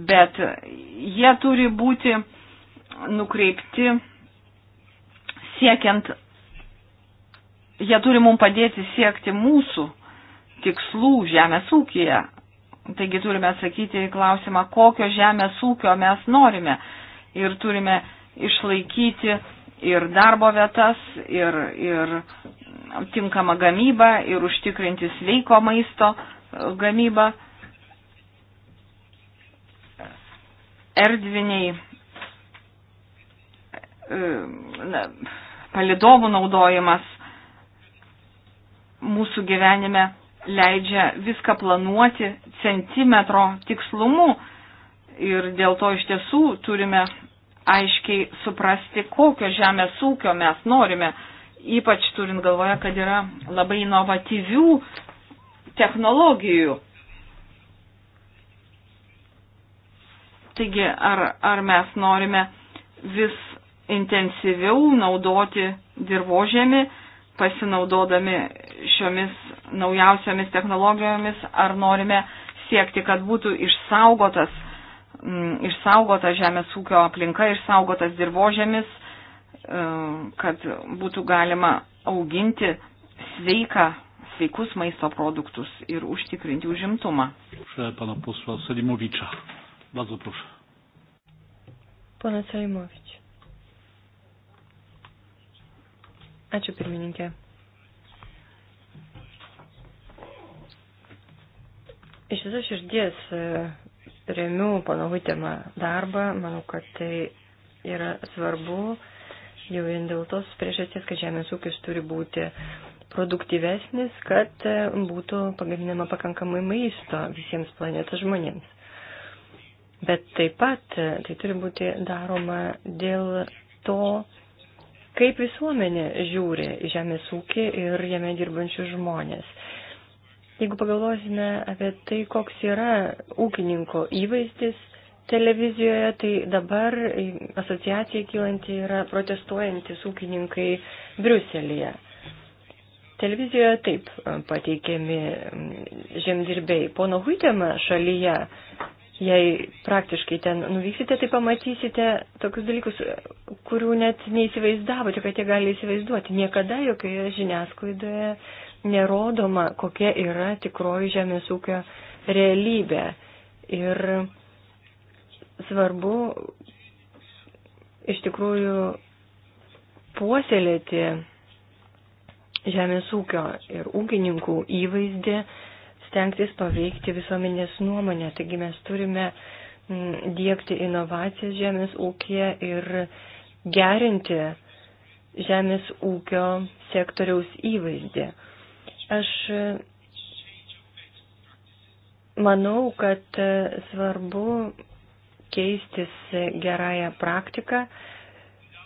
bet jie turi būti nukreipti siekiant, jie turi mums padėti siekti mūsų tikslų žemės ūkija. Taigi turime atsakyti į klausimą, kokio žemės ūkio mes norime ir turime išlaikyti ir darbo vietas, ir, ir tinkamą gamybą, ir užtikrinti sveiko maisto gamyba, erdviniai e, na, palidovų naudojimas mūsų gyvenime leidžia viską planuoti centimetro tikslumu ir dėl to iš tiesų turime aiškiai suprasti, kokio žemės ūkio mes norime, ypač turint galvoje, kad yra labai inovatyvių technologijų. Taigi, ar, ar mes norime vis intensyviau naudoti dirbožėmį, pasinaudodami šiomis naujausiomis technologijomis, ar norime siekti, kad būtų išsaugotas, m, mm, išsaugotas žemės ūkio aplinka, išsaugotas dirbožėmis, m, e, kad būtų galima auginti sveiką sveikus maisto produktus ir užtikrinti užimtumą. Pana Salimovič. Ačiū pirmininkė. Iš visos širdies e, remiu pana Huitėmą darbą. Manau, kad tai yra svarbu jau vien dėl tos priežasties, kad žemės ūkis turi būti produktyvesnis, kad e, būtų pagaminama pakankamai maisto visiems planetos žmonėms. Bet taip pat e, tai turi būti daroma dėl to, kaip visuomenė žiūri į žemės ūkį ir jame dirbančius žmonės. Jeigu pagalvosime apie tai, koks yra ūkininko įvaizdis televizijoje, tai dabar asociacija kylanti yra protestuojantis ūkininkai Briuselėje. Televizijoje taip e, pateikiami žemdirbiai. Pono Huitėma šalyje, jei praktiškai ten nuvyksite, tai pamatysite tokius dalykus, e, kurių net neįsivaizdavote, kad jie gali įsivaizduoti. Niekada jokioje žiniasklaidoje nerodoma, kokia yra tikroji žemės ūkio realybė. Ir svarbu iš tikrųjų puoselėti žemės ūkio ir ūkininkų įvaizdį, stengtis paveikti visuomenės nuomonę. Taigi mes turime mm, dėkti inovacijas žemės ūkija ir gerinti žemės ūkio sektoriaus įvaizdį. Aš e, manau, kad e, svarbu keistis gerąją praktiką,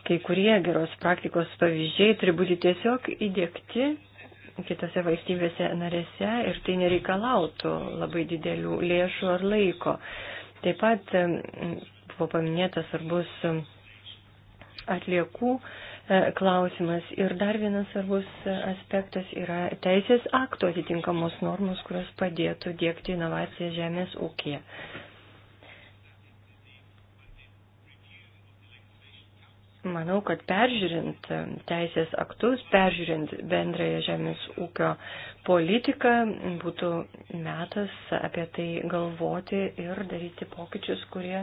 kai kurie geros praktikos pavyzdžiai turi būti tiesiog įdėkti kitose valstybėse narėse ir tai nereikalautų labai didelių lėšų ar laiko. Taip pat buvo paminėtas svarbus atliekų e, klausimas ir dar vienas svarbus aspektas yra teisės akto atitinkamos normos, kurios padėtų dėkti inovacijas žemės ūkėje. Manau, kad peržiūrint e, teisės aktus, peržiūrint bendrąją žemės ūkio politiką, būtų metas apie tai galvoti ir daryti pokyčius, kurie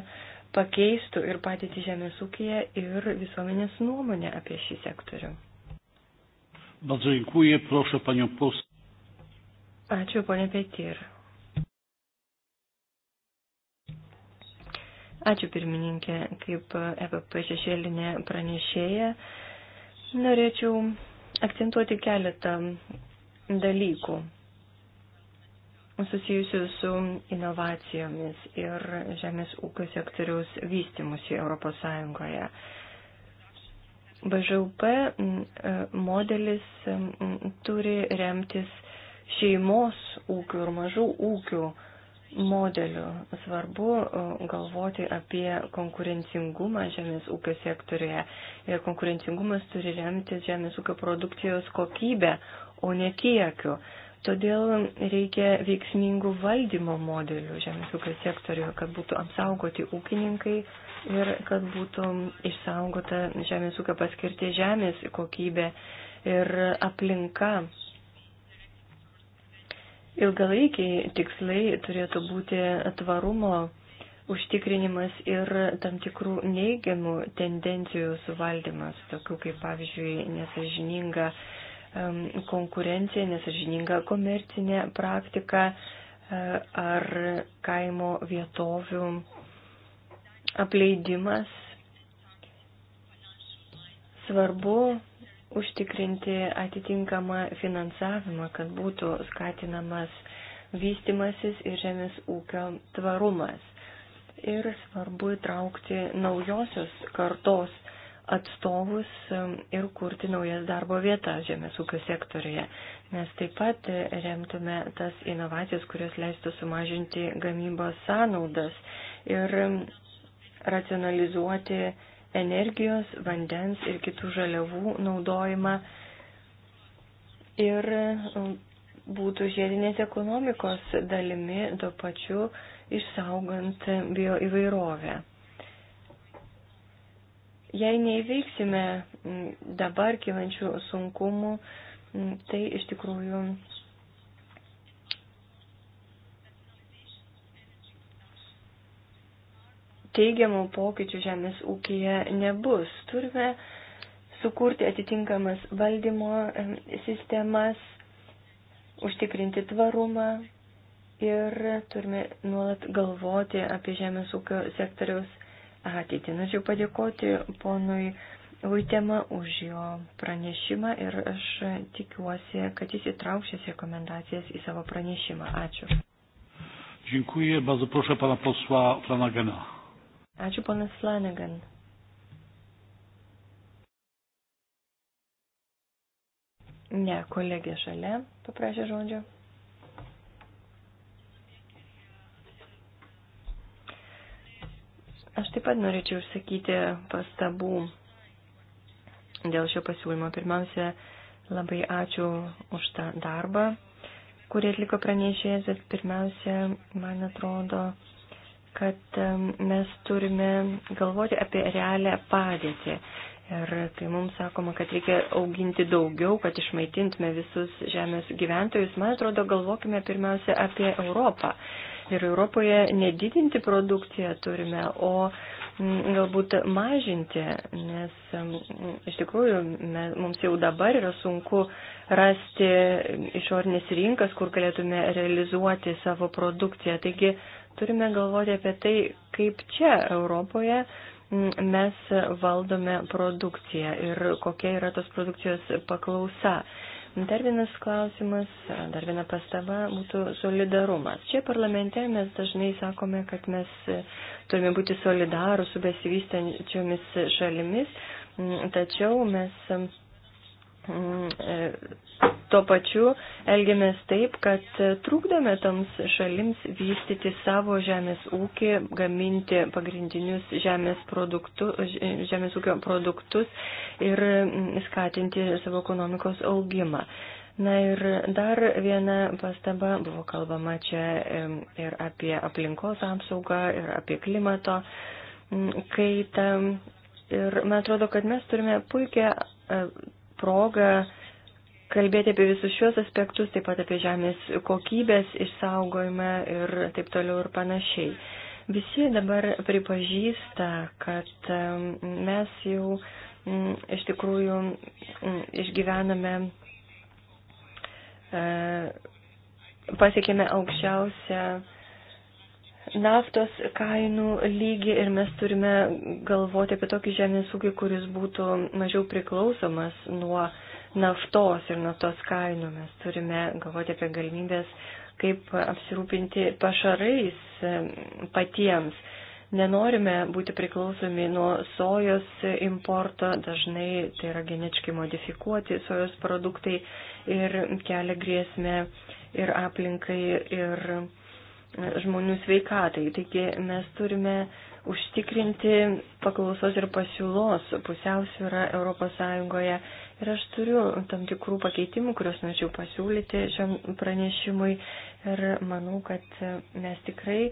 pakeistų ir patyti žemės ūkiją ir visuomenės nuomonę apie šį sektorių. Ačiū, ponė Petir. Ačiū pirmininkė, kaip EPP šešėlinė pranešėja. Norėčiau akcentuoti keletą dalykų susijusių su inovacijomis ir žemės ūkio sektoriaus vystimusi Europos Sąjungoje. BŽUP e, modelis turi remtis šeimos ūkių ir mažų ūkių modelių. Svarbu galvoti apie konkurencingumą žemės ūkio sektorioje. Ir konkurencingumas turi remtis žemės ūkio produkcijos kokybę, o ne kiekiu. Todėl reikia veiksmingų valdymo modelių žemės ūkio sektorijoje, kad būtų apsaugoti ūkininkai ir kad būtų išsaugota žemės ūkio paskirti žemės kokybė ir aplinka Ilgalaikiai tikslai turėtų būti tvarumo užtikrinimas ir tam tikrų neigiamų tendencijų suvaldymas, tokių kaip pavyzdžiui nesažininga konkurencija, nesažininga komercinė praktika e, ar kaimo vietovių apleidimas. Svarbu užtikrinti atitinkamą finansavimą, kad būtų skatinamas vystimasis ir žemės ūkio tvarumas. Ir svarbu įtraukti naujosios kartos atstovus um, ir kurti naujas darbo vietas žemės ūkio sektorija. Mes taip pat remtume tas inovacijas, kurios leistų sumažinti gamybos sąnaudas ir um, racionalizuoti energijos, vandens ir kitų žaliavų naudojimą ir um, būtų žiedinės ekonomikos dalimi tuo pačiu išsaugant bioįvairovę. Jei neįveiksime dabar kilančių sunkumų, tai iš tikrųjų teigiamų pokyčių žemės ūkija nebus. Turime sukurti atitinkamas valdymo sistemas, užtikrinti tvarumą ir turime nuolat galvoti apie žemės ūkio sektoriaus ateitį. Norėčiau padėkoti ponui Uitema už jo pranešimą ir aš tikiuosi, kad jis įtrauk šias rekomendacijas į savo pranešimą. Ačiū. Dziękuję. Bardzo proszę pana posła Flanagena. Ačiū, ponas Flanagan. Ne, kolegė šalia paprašė žodžio. Aš taip pat norėčiau išsakyti pastabų dėl šio pasiūlymo. Pirmiausia, labai ačiū už tą darbą, kurį atliko pranešėjas, bet pirmiausia, man atrodo, kad mes turime galvoti apie realią padėtį. Ir kai mums sakoma, kad reikia auginti daugiau, kad išmaitintume visus žemės gyventojus, man atrodo, galvokime pirmiausia apie Europą. Ir Europoje nedidinti produkciją turime, o galbūt mažinti, nes iš tikrųjų mes, mums jau dabar yra sunku rasti išorinės rinkas, kur galėtume realizuoti savo produkciją. Taigi turime galvoti apie tai, kaip čia Europoje mes valdome produkciją ir kokia yra tos produkcijos paklausa. Dar vienas klausimas, dar viena pastaba būtų solidarumas. Čia parlamente mes dažnai sakome, kad mes turime būti solidarų su besivystančiomis šalimis, tačiau mes Mm, e, tuo pačiu elgiamės taip, kad trukdome toms šalims vystyti savo žemės ūkį, gaminti pagrindinius žemės, produktu, žemės ūkio produktus ir mm, skatinti savo ekonomikos augimą. Na ir dar viena pastaba, buvo kalbama čia ir apie aplinkos apsaugą, ir apie klimato mm, kaitą. Ir man atrodo, kad mes turime puikią e, progą kalbėti apie visus šiuos aspektus, taip pat apie žemės kokybės išsaugojimą ir taip toliau ir panašiai. Visi dabar pripažįsta, kad mes jau iš tikrųjų išgyvename, e, pasiekėme aukščiausią naftos kainų lygį ir mes turime galvoti apie tokį žemės ūkį, kuris būtų mažiau priklausomas nuo naftos ir naftos kainų. Mes turime galvoti apie galimybės, kaip apsirūpinti pašarais patiems. Nenorime būti priklausomi nuo sojos importo, dažnai tai yra genetiškai modifikuoti sojos produktai ir kelia grėsmę ir aplinkai, ir žmonių sveikatai. Taigi mes turime užtikrinti paklausos ir pasiūlos pusiausvyrą ES. Ir aš turiu tam tikrų pakeitimų, kuriuos norėčiau pasiūlyti šiam pranešimui. Ir manau, kad mes tikrai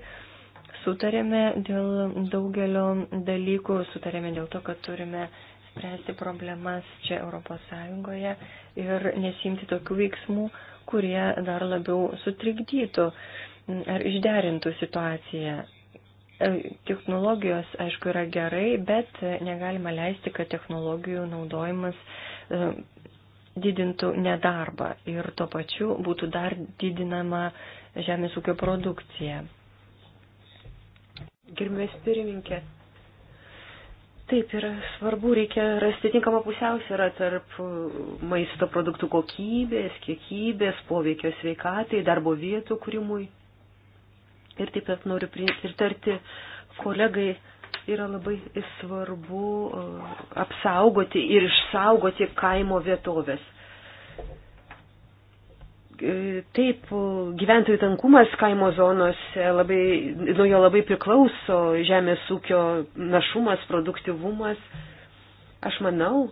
sutarėme dėl daugelio dalykų, sutarėme dėl to, kad turime spręsti problemas čia ES ir nesimti tokių veiksmų, kurie dar labiau sutrikdytų ar išderintų situaciją. E, technologijos, aišku, yra gerai, bet negalima leisti, kad technologijų naudojimas e, didintų nedarbą ir tuo pačiu būtų dar didinama žemės ūkio produkcija. Gerbės pirmininkė. Taip, yra svarbu, reikia rasti tinkamą pusiausvyrą tarp maisto produktų kokybės, kiekybės, poveikio sveikatai, darbo vietų kūrimui Ir taip pat noriu pritarti kolegai, yra labai svarbu apsaugoti ir išsaugoti kaimo vietovės. E, taip, gyventojų tankumas kaimo zonose labai, nuo jo labai priklauso žemės ūkio našumas, produktivumas. Aš manau,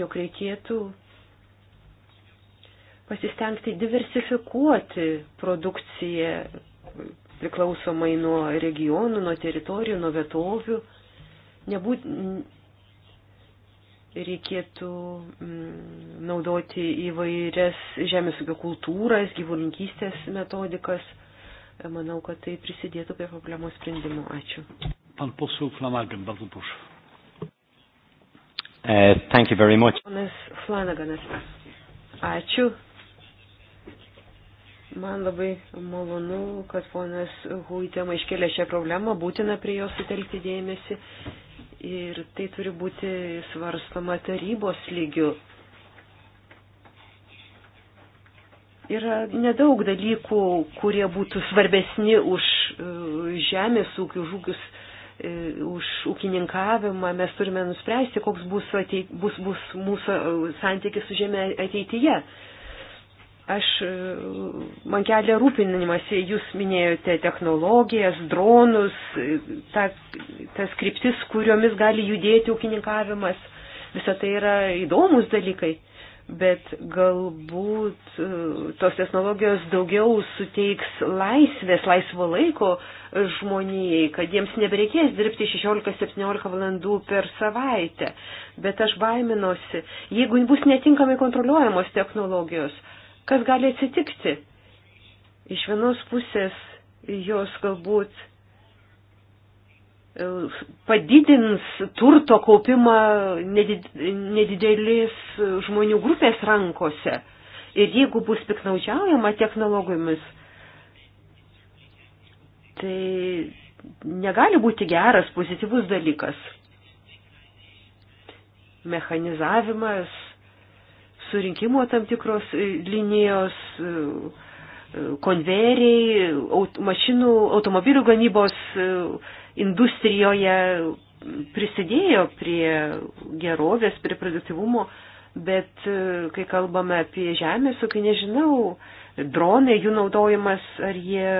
jog reikėtų pasistengti diversifikuoti produkciją priklausomai nuo regionų, nuo teritorijų, nuo vietovių. Nebūt, reikėtų mm, naudoti įvairias žemės ūkio kultūras, gyvulinkystės metodikas. Manau, kad tai prisidėtų prie problemos sprendimo. Ačiū. Pan posūk Flanagan, bardzo proszę. Uh, thank you very much. Ponas Flanaganas. Ačiū. Man labai malonu, kad ponas Huitema iškėlė šią problemą, būtina prie jos sutelkti dėmesį ir tai turi būti svarstama tarybos lygių. Yra nedaug dalykų, kurie būtų svarbesni už e, žemės ūkių žūgius, e, už ūkininkavimą. Mes turime nuspręsti, koks bus, ateit, bus, bus mūsų e, santykis su žemė ateityje. Aš, man kelia rūpinimasi, jūs minėjote technologijas, dronus, ta, tas kryptis, kuriomis gali judėti ūkininkavimas. Visą tai yra įdomus dalykai, bet galbūt e, tos technologijos daugiau suteiks laisvės, laisvo laiko žmonijai, kad jiems nebereikės dirbti 16-17 valandų per savaitę. Bet aš baiminosi, jeigu bus netinkamai kontroliuojamos technologijos, Kas gali atsitikti? Iš vienos pusės jos galbūt e, padidins turto kaupimą nedidelės žmonių grupės rankose. Ir jeigu bus piknaudžiaujama technologijomis, tai negali būti geras, pozityvus dalykas. Mechanizavimas, surinkimo tam tikros e, linijos, e, e, konvejeriai, mašinų, automobilių gamybos industrijoje prisidėjo prie gerovės, prie produktivumo, bet kai kalbame apie žemės ūkį, nežinau, dronai, jų naudojimas, ar jie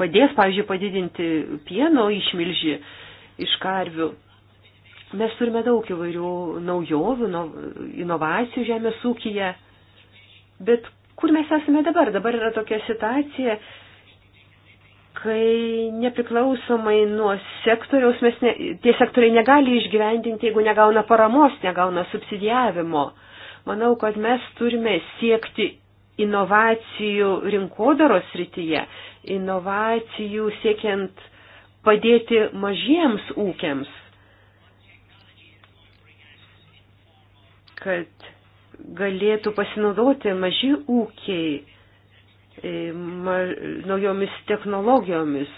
padės, pavyzdžiui, padidinti pieno išmilžį iš karvių. Mes turime daug įvairių naujovių, inovacijų žemės ūkyje, bet kur mes esame dabar? Dabar yra tokia situacija, kai nepriklausomai nuo sektoriaus, mes ne, tie sektoriai negali išgyvendinti, jeigu negauna paramos, negauna subsidijavimo. Manau, kad mes turime siekti inovacijų rinkodaros rytyje, inovacijų siekiant padėti mažiems ūkiams. kad galėtų pasinaudoti maži ūkiai e, ma, naujomis technologijomis.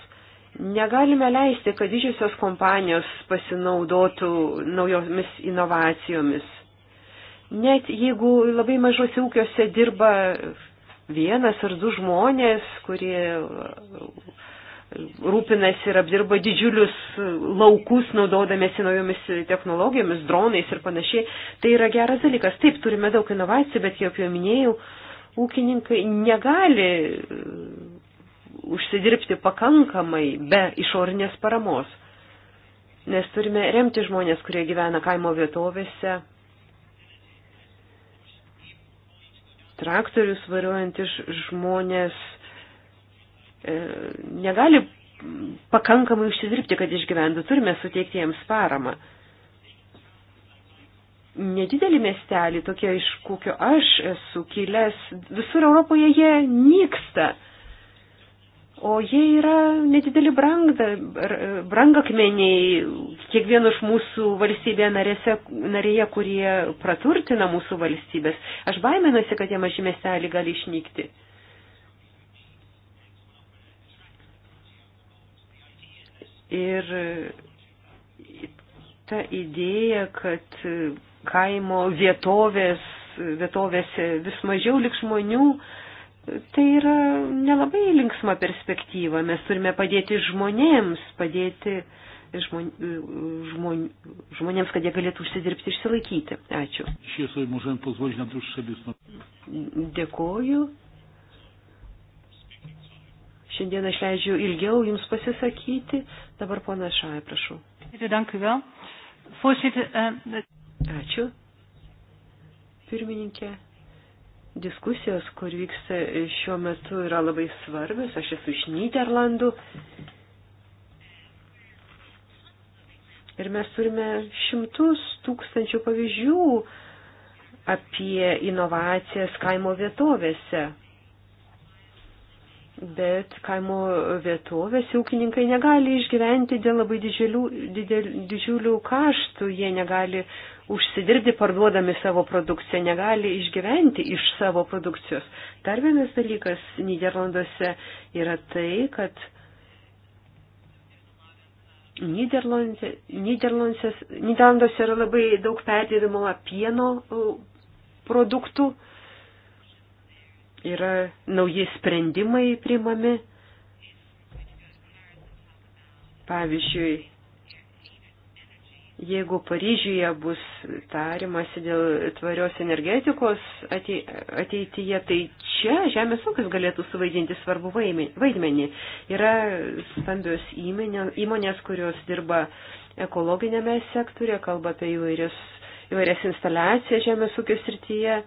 Negalime leisti, kad didžiosios kompanijos pasinaudotų naujomis inovacijomis. Net jeigu labai mažose ūkiuose dirba vienas ar du žmonės, kurie rūpinasi ir apdirba didžiulius laukus, naudodamėsi naujomis technologijomis, dronais ir panašiai. Tai yra geras dalykas. Taip, turime daug inovacijų, bet kaip jau minėjau, ūkininkai negali e, užsidirbti pakankamai be išorinės paramos. Nes turime remti žmonės, kurie gyvena kaimo vietovėse. Traktorius variuojantis žmonės E, negali pakankamai užsidirbti, kad išgyventų, turime suteikti jiems paramą. Nedidelį miestelį, tokie iš kokio aš esu kilęs, visur Europoje jie nyksta. O jie yra nedideli brangda, brangakmeniai, kiekvieno iš mūsų valstybė narėse, narėje, kurie praturtina mūsų valstybės. Aš baiminuosi, kad tie maži miesteliai gali išnykti. Ir ta idėja, kad kaimo vietovės, vietovėse vis mažiau liks žmonių, tai yra nelabai linksma perspektyva. Mes turime padėti žmonėms, padėti žmon, žmon, žmonėms, kad jie galėtų užsidirbti, išsilaikyti. Ačiū. Dėkoju. Šiandien aš leidžiu ilgiau jums pasisakyti. Dabar ponas Šai, prašau. Eh, Ačiū. Pirmininkė, diskusijos, kur vyksta šiuo metu, yra labai svarbios. Aš esu iš Niderlandų. Ir mes turime šimtus tūkstančių pavyzdžių apie inovacijas kaimo vietovėse. Bet kaimo vietovės ūkininkai negali išgyventi dėl labai didžiulių, didel, didžiulių kaštų, jie negali užsidirbti parduodami savo produkciją, negali išgyventi iš savo produkcijos. Dar vienas dalykas Niderlanduose yra tai, kad Niderlandse, Niderlandse, Niderlanduose yra labai daug perdirbimo pieno e, produktų. Uh, yra nauji sprendimai priimami. Pavyzdžiui, jeigu Paryžiuje bus tarimasi dėl tvarios energetikos ateityje, tai čia žemės ūkis galėtų suvaidinti svarbu vaidmenį. Yra stambios įmonės, kurios dirba ekologinėme sektorė, kalba apie įvairias, įvairias instaliacijas žemės ūkio srityje.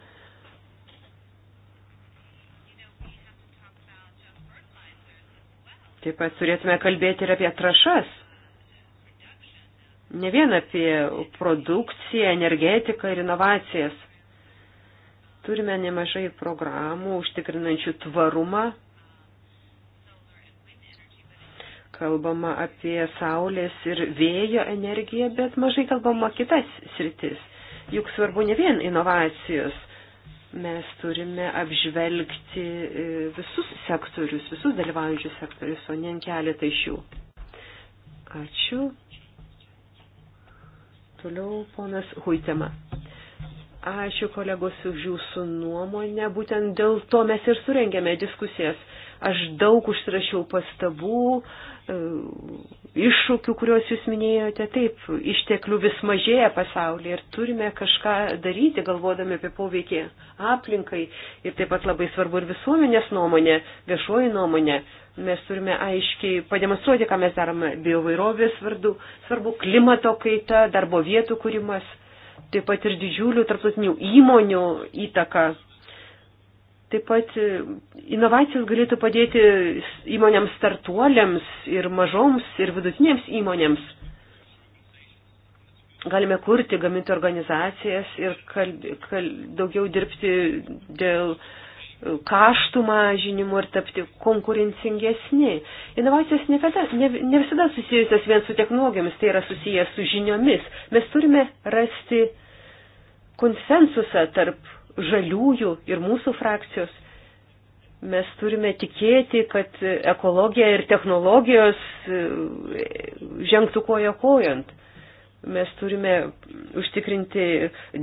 Taip pat turėtume kalbėti ir apie trašas. Ne vien apie produkciją, energetiką ir inovacijas. Turime nemažai programų užtikrinančių tvarumą. Kalbama apie saulės ir vėjo energiją, bet mažai kalbama kitas sritis. Juk svarbu ne vien inovacijos mes turime apžvelgti e, visus sektorius, visus dalyvaujančius sektorius, o ne keletą iš jų. Ačiū. Toliau ponas Huitema. Ačiū kolegos už jūsų nuomonę. Būtent dėl to mes ir surengėme diskusijas. Aš daug užsirašiau pastabų, e, iššūkių, kuriuos jūs minėjote, taip, išteklių vis mažėja pasaulyje ir turime kažką daryti, galvodami apie poveikį aplinkai. Ir taip pat labai svarbu ir visuomenės nuomonė, viešoji nuomonė. Mes turime aiškiai pademonstruoti, ką mes darome biovairovės vardu, svarbu klimato kaita, darbo vietų kūrimas, taip pat ir didžiulių tarptautinių įmonių įtaka Taip pat e, inovacijos galėtų padėti įmonėms startuoliams ir mažoms ir vidutinėms įmonėms. Galime kurti, gaminti organizacijas ir kal, kal, daugiau dirbti dėl e, kaštų mažinimų ir tapti konkurencingesni. Inovacijos ne, ne, ne visada susijusios vien su technologijomis, tai yra susijęs su žiniomis. Mes turime rasti konsensusą tarp žaliųjų ir mūsų frakcijos, mes turime tikėti, kad ekologija ir technologijos e, žengtų koja kojant. Mes turime užtikrinti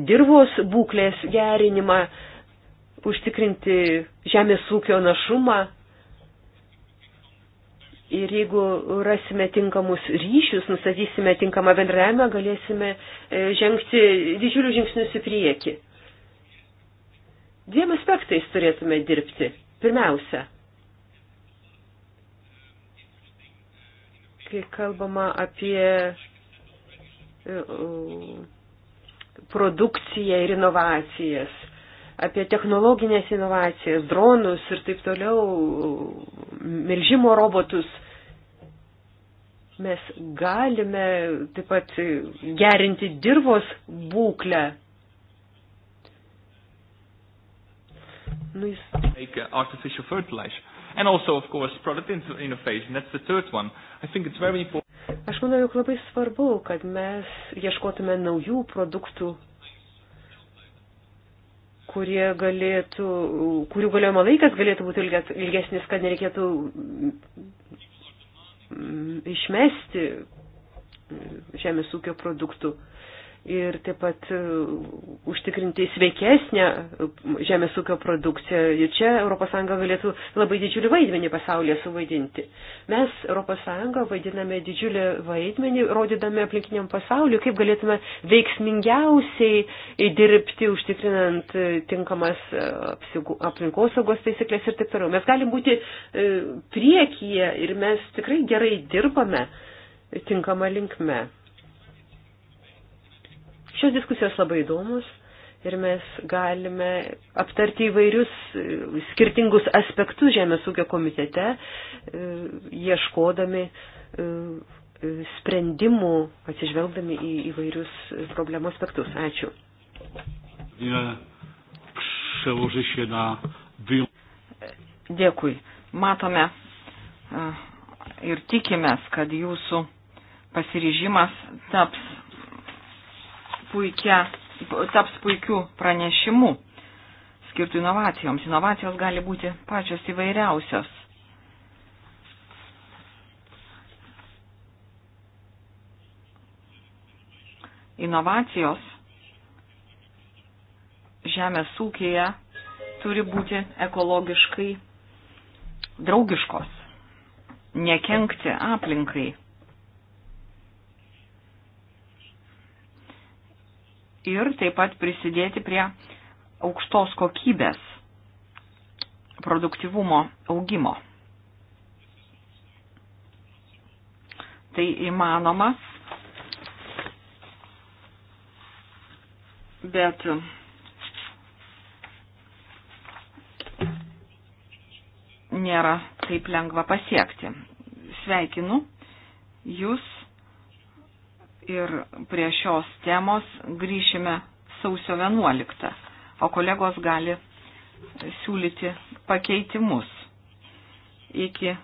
dirvos būklės gerinimą, užtikrinti žemės ūkio našumą. Ir jeigu rasime tinkamus ryšius, nustatysime tinkamą bendravimą, galėsime e, žengti didžiulius žingsnius į priekį. Dviem aspektais turėtume dirbti. Pirmiausia, kai kalbama apie e, produkciją ir inovacijas, apie technologinės inovacijas, dronus ir taip toliau, melžimo robotus, mes galime taip pat gerinti dirbos būklę Nu jis. Make uh, artificial fertilizer. And also, of course, product innovation. That's the third one. I think it's very important. Aš manau, jog labai svarbu, kad mes ieškotume naujų produktų, kurie galėtų, kurių galiojimo laikas galėtų būti ilgesnis, kad nereikėtų mm, išmesti mm, žemės ūkio produktų ir taip pat e, užtikrinti sveikesnę e, žemės ūkio produkciją. Ir čia ES galėtų labai didžiulį vaidmenį pasaulyje suvaidinti. Mes ES vaidiname didžiulį vaidmenį, rodydami aplinkiniam pasauliu, kaip galėtume veiksmingiausiai dirbti, užtikrinant e, tinkamas aplinkosaugos taisyklės ir taip toliau. Mes galim būti priekyje ir mes tikrai gerai dirbame tinkama linkme. Šios diskusijos labai įdomus ir mes galime aptarti įvairius e, skirtingus aspektus Žemės ūkio komitete, e, ieškodami e, sprendimų, atsižvelgdami į įvairius problemų aspektus. Ačiū. Dėkui. Matome ir tikimės, kad jūsų pasiryžimas taps puikia, taps puikiu pranešimu skirtų inovacijoms. Inovacijos gali būti pačios įvairiausios. Inovacijos žemės ūkėje turi būti ekologiškai draugiškos, nekenkti aplinkai. ir taip pat prisidėti prie aukštos kokybės produktivumo augimo. Tai įmanoma, bet nėra taip lengva pasiekti. Sveikinu, jūs ir prie šios temos grįšime sausio 11, o kolegos gali siūlyti pakeitimus. Iki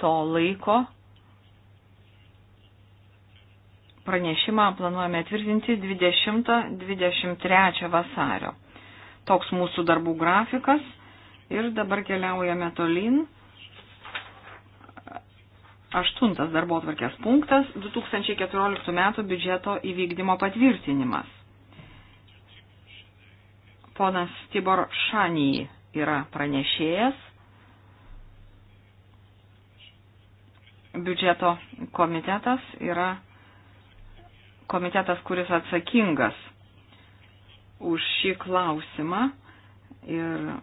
to laiko pranešimą planuojame tvirtinti 20-23 vasario. Toks mūsų darbų grafikas ir dabar keliaujame tolin. Aštuntas darbo atvarkės punktas - 2014 metų biudžeto įvykdymo patvirtinimas. Ponas Tibor Šanijai yra pranešėjas. Biudžeto komitetas yra komitetas, kuris atsakingas už šį klausimą ir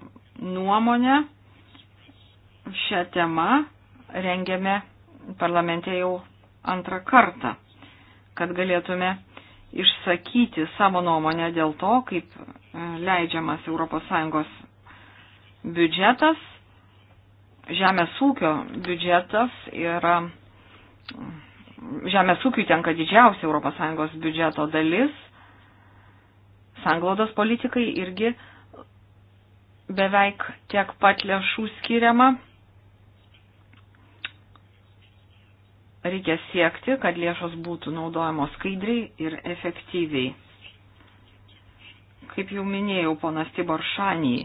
nuomonę šią temą rengiame parlamente jau antrą kartą, kad galėtume išsakyti savo nuomonę dėl to, kaip e, leidžiamas ES biudžetas, žemės ūkio biudžetas yra, žemės ūkiui tenka didžiausia ES biudžeto dalis, sanglaudos politikai irgi beveik tiek pat lėšų skiriama reikia siekti, kad lėšos būtų naudojamos skaidriai ir efektyviai. Kaip jau minėjau, ponas Tibor Šanį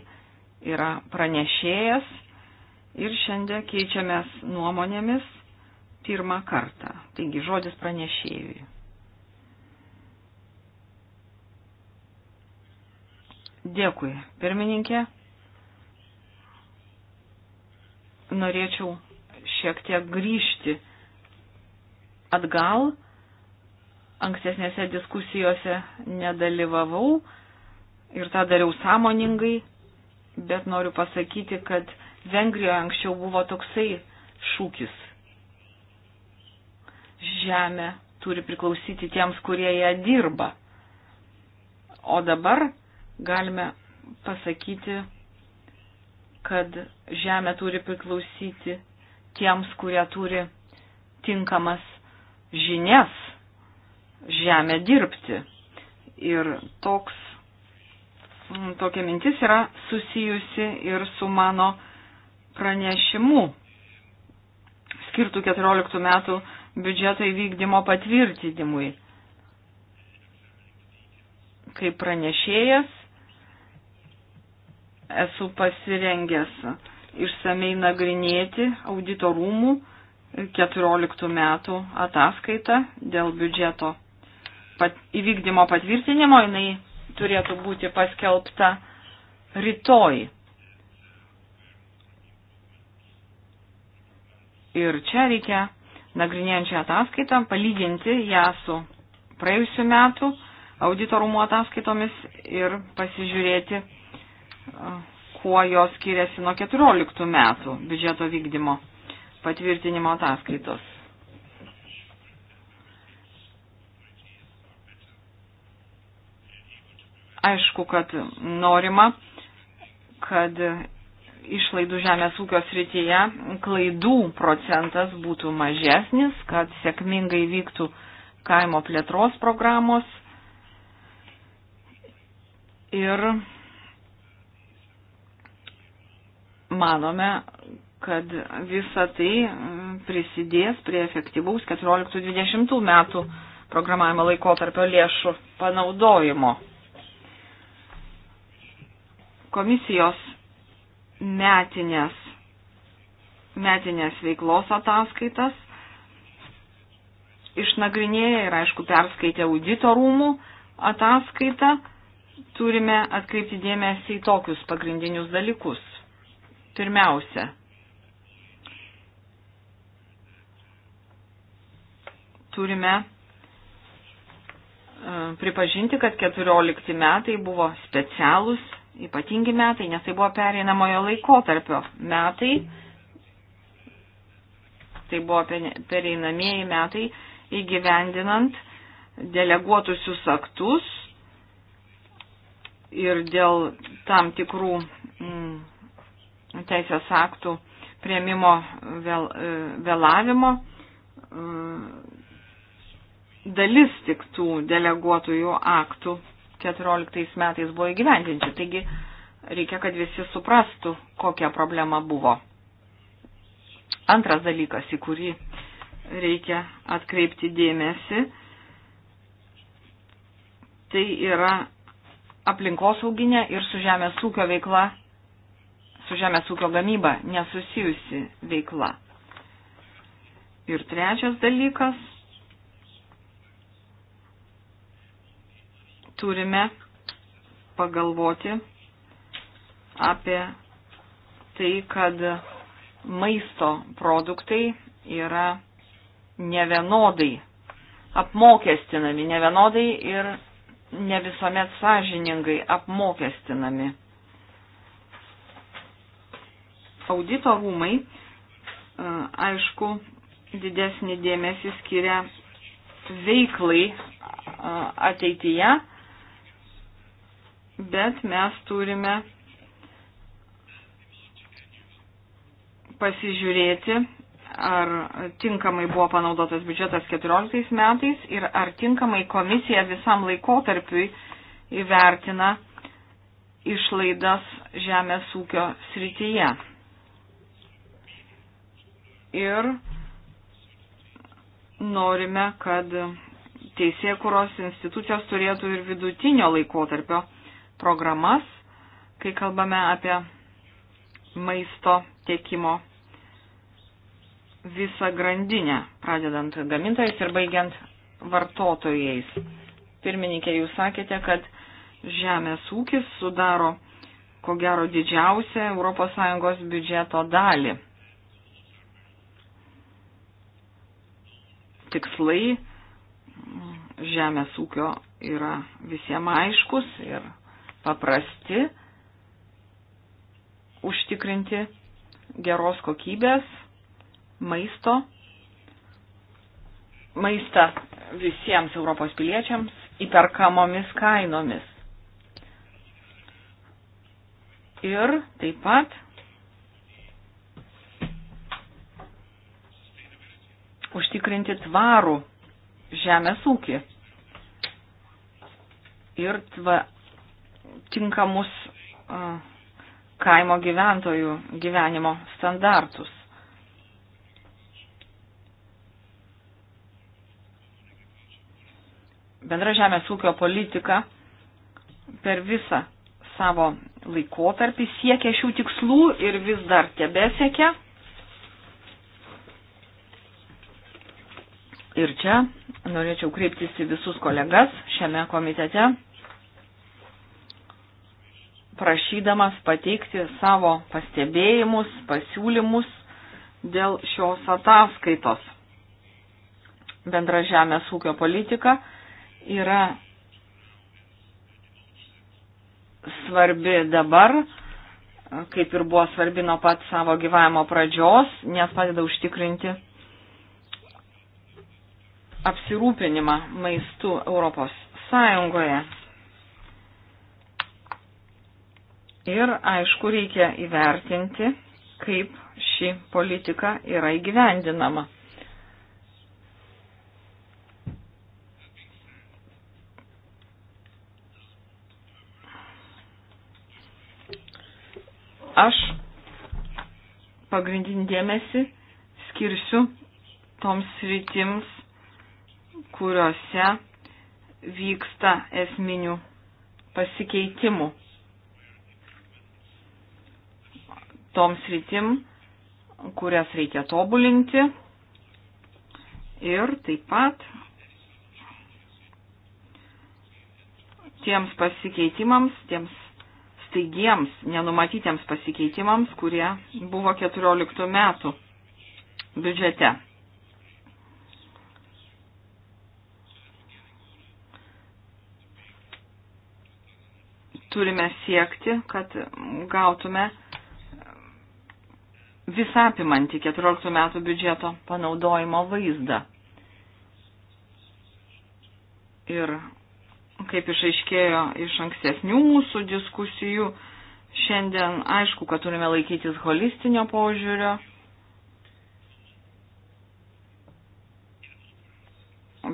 yra pranešėjas ir šiandien keičiamės nuomonėmis pirmą kartą. Taigi žodis pranešėjui. Dėkui, pirmininkė. Norėčiau šiek tiek grįžti atgal. Ankstesnėse diskusijose nedalyvavau ir tą dariau sąmoningai, bet noriu pasakyti, kad Vengrijoje anksčiau buvo toksai šūkis. Žemė turi priklausyti tiems, kurie ją dirba. O dabar galime pasakyti, kad žemė turi priklausyti tiems, kurie turi tinkamas žinias žemę dirbti. Ir toks, mm, tokia mintis yra susijusi ir su mano pranešimu skirtų 14 metų biudžeto įvykdymo patvirtinimui. Kaip pranešėjas esu pasirengęs išsamei nagrinėti auditorumų rūmų 14 metų ataskaita dėl biudžeto pat, įvykdymo patvirtinimo, jinai turėtų būti paskelbta rytoj. Ir čia reikia nagrinėjančią ataskaitą palyginti ją su praėjusiu metu auditorumo ataskaitomis ir pasižiūrėti, kuo jos skiriasi nuo 14 metų biudžeto vykdymo patvirtinimo ataskaitos. Aišku, kad norima, kad išlaidų žemės ūkio srityje klaidų procentas būtų mažesnis, kad sėkmingai vyktų kaimo plėtros programos. Ir manome, kad visa tai mm, prisidės prie efektyvaus 14-20 metų programavimo laikotarpio lėšų panaudojimo. Komisijos metinės, metinės veiklos ataskaitas išnagrinėję ir aišku perskaitę auditorumų ataskaitą, turime atkreipti dėmesį į tokius pagrindinius dalykus. Pirmiausia, turime e, pripažinti, kad 14 metai buvo specialūs, ypatingi metai, nes tai buvo pereinamojo laikotarpio metai, tai buvo pereinamieji metai įgyvendinant deleguotusius aktus ir dėl tam tikrų mm, teisės aktų prieimimo vėl, e, vėlavimo mm, dalis tik tų deleguotųjų aktų 14 metais buvo įgyvendinti. Taigi reikia, kad visi suprastų, kokia problema buvo. Antras dalykas, į kurį reikia atkreipti dėmesį, tai yra aplinkosauginė ir su žemės ūkio veikla, su žemės ūkio gamyba nesusijusi veikla. Ir trečias dalykas turime pagalvoti apie tai, kad maisto produktai yra nevienodai apmokestinami, nevienodai ir ne visuomet sąžiningai apmokestinami. Audito rūmai, e, aišku, didesnį dėmesį skiria veiklai e, ateityje bet mes turime pasižiūrėti, ar tinkamai buvo panaudotas biudžetas 14 metais ir ar tinkamai komisija visam laikotarpiui įvertina išlaidas žemės ūkio srityje. Ir norime, kad teisėkuros institucijos turėtų ir vidutinio laikotarpio programas, kai kalbame apie maisto tiekimo visą grandinę, pradedant gamintojais ir baigiant vartotojais. Pirmininkė, jūs sakėte, kad žemės ūkis sudaro ko gero didžiausią ES biudžeto dalį. Tikslai žemės ūkio yra visiems aiškus ir paprasti, užtikrinti geros kokybės maisto, maistą visiems Europos piliečiams įperkamomis kainomis. Ir taip pat užtikrinti tvarų žemės ūkį ir tva, tinkamus kaimo gyventojų gyvenimo standartus. Bendra žemės ūkio politika per visą savo laikotarpį siekia šių tikslų ir vis dar tebesiekia. Ir čia norėčiau kreiptis į visus kolegas šiame komitete prašydamas pateikti savo pastebėjimus, pasiūlymus dėl šios ataskaitos. Bendra žemės ūkio politika yra svarbi dabar, kaip ir buvo svarbi nuo pat savo gyvavimo pradžios, nes padeda užtikrinti apsirūpinimą maistu Europos Sąjungoje. Ir aišku, reikia įvertinti, kaip ši politika yra įgyvendinama. Aš pagrindinį dėmesį skirsiu toms sritims, kuriuose vyksta esminių pasikeitimų. toms rytim, kurias reikia tobulinti. Ir taip pat tiems pasikeitimams, tiems staigiems, nenumatytiems pasikeitimams, kurie buvo 14 metų biudžete. Turime siekti, kad gautume visapimantį 14 metų biudžeto panaudojimo vaizdą. Ir kaip išaiškėjo iš ankstesnių mūsų diskusijų, šiandien aišku, kad turime laikytis holistinio požiūrio.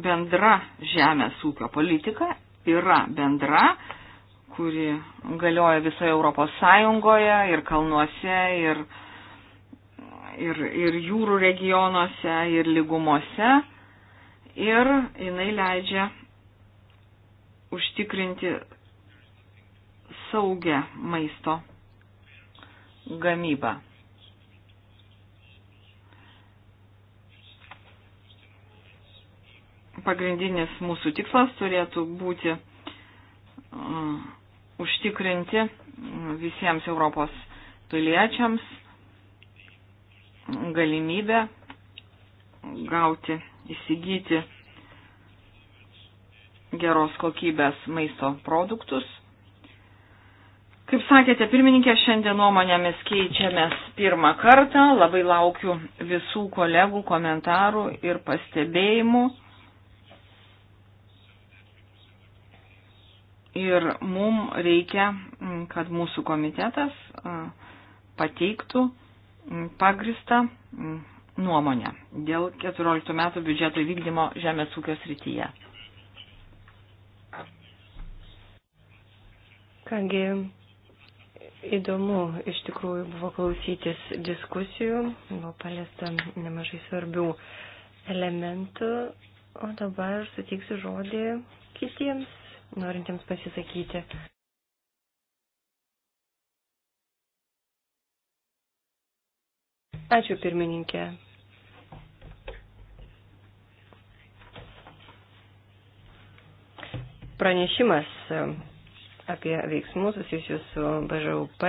Bendra žemės ūkio politika yra bendra, kuri galioja visoje Europos Sąjungoje ir kalnuose ir uh, ir, ir jūrų regionuose, ir lygumose. Ir jinai leidžia užtikrinti saugę maisto gamybą. Pagrindinis mūsų tikslas turėtų būti uh, užtikrinti mm, visiems Europos piliečiams galimybę gauti, įsigyti geros kokybės maisto produktus. Kaip sakėte, pirmininkė, šiandien nuomonėmis keičiamės pirmą kartą. Labai laukiu visų kolegų komentarų ir pastebėjimų. Ir mums reikia, kad mūsų komitetas pateiktų Mm, pagristą mm, nuomonę dėl 14 metų biudžeto įvykdymo žemės ūkio srityje. Kągi, įdomu iš tikrųjų buvo klausytis diskusijų, buvo paliesta nemažai svarbių elementų, o dabar sutiksiu žodį kitiems norintiems pasisakyti. Ačiū pirmininkė. Pranešimas apie veiksmus susijusius su BŽUP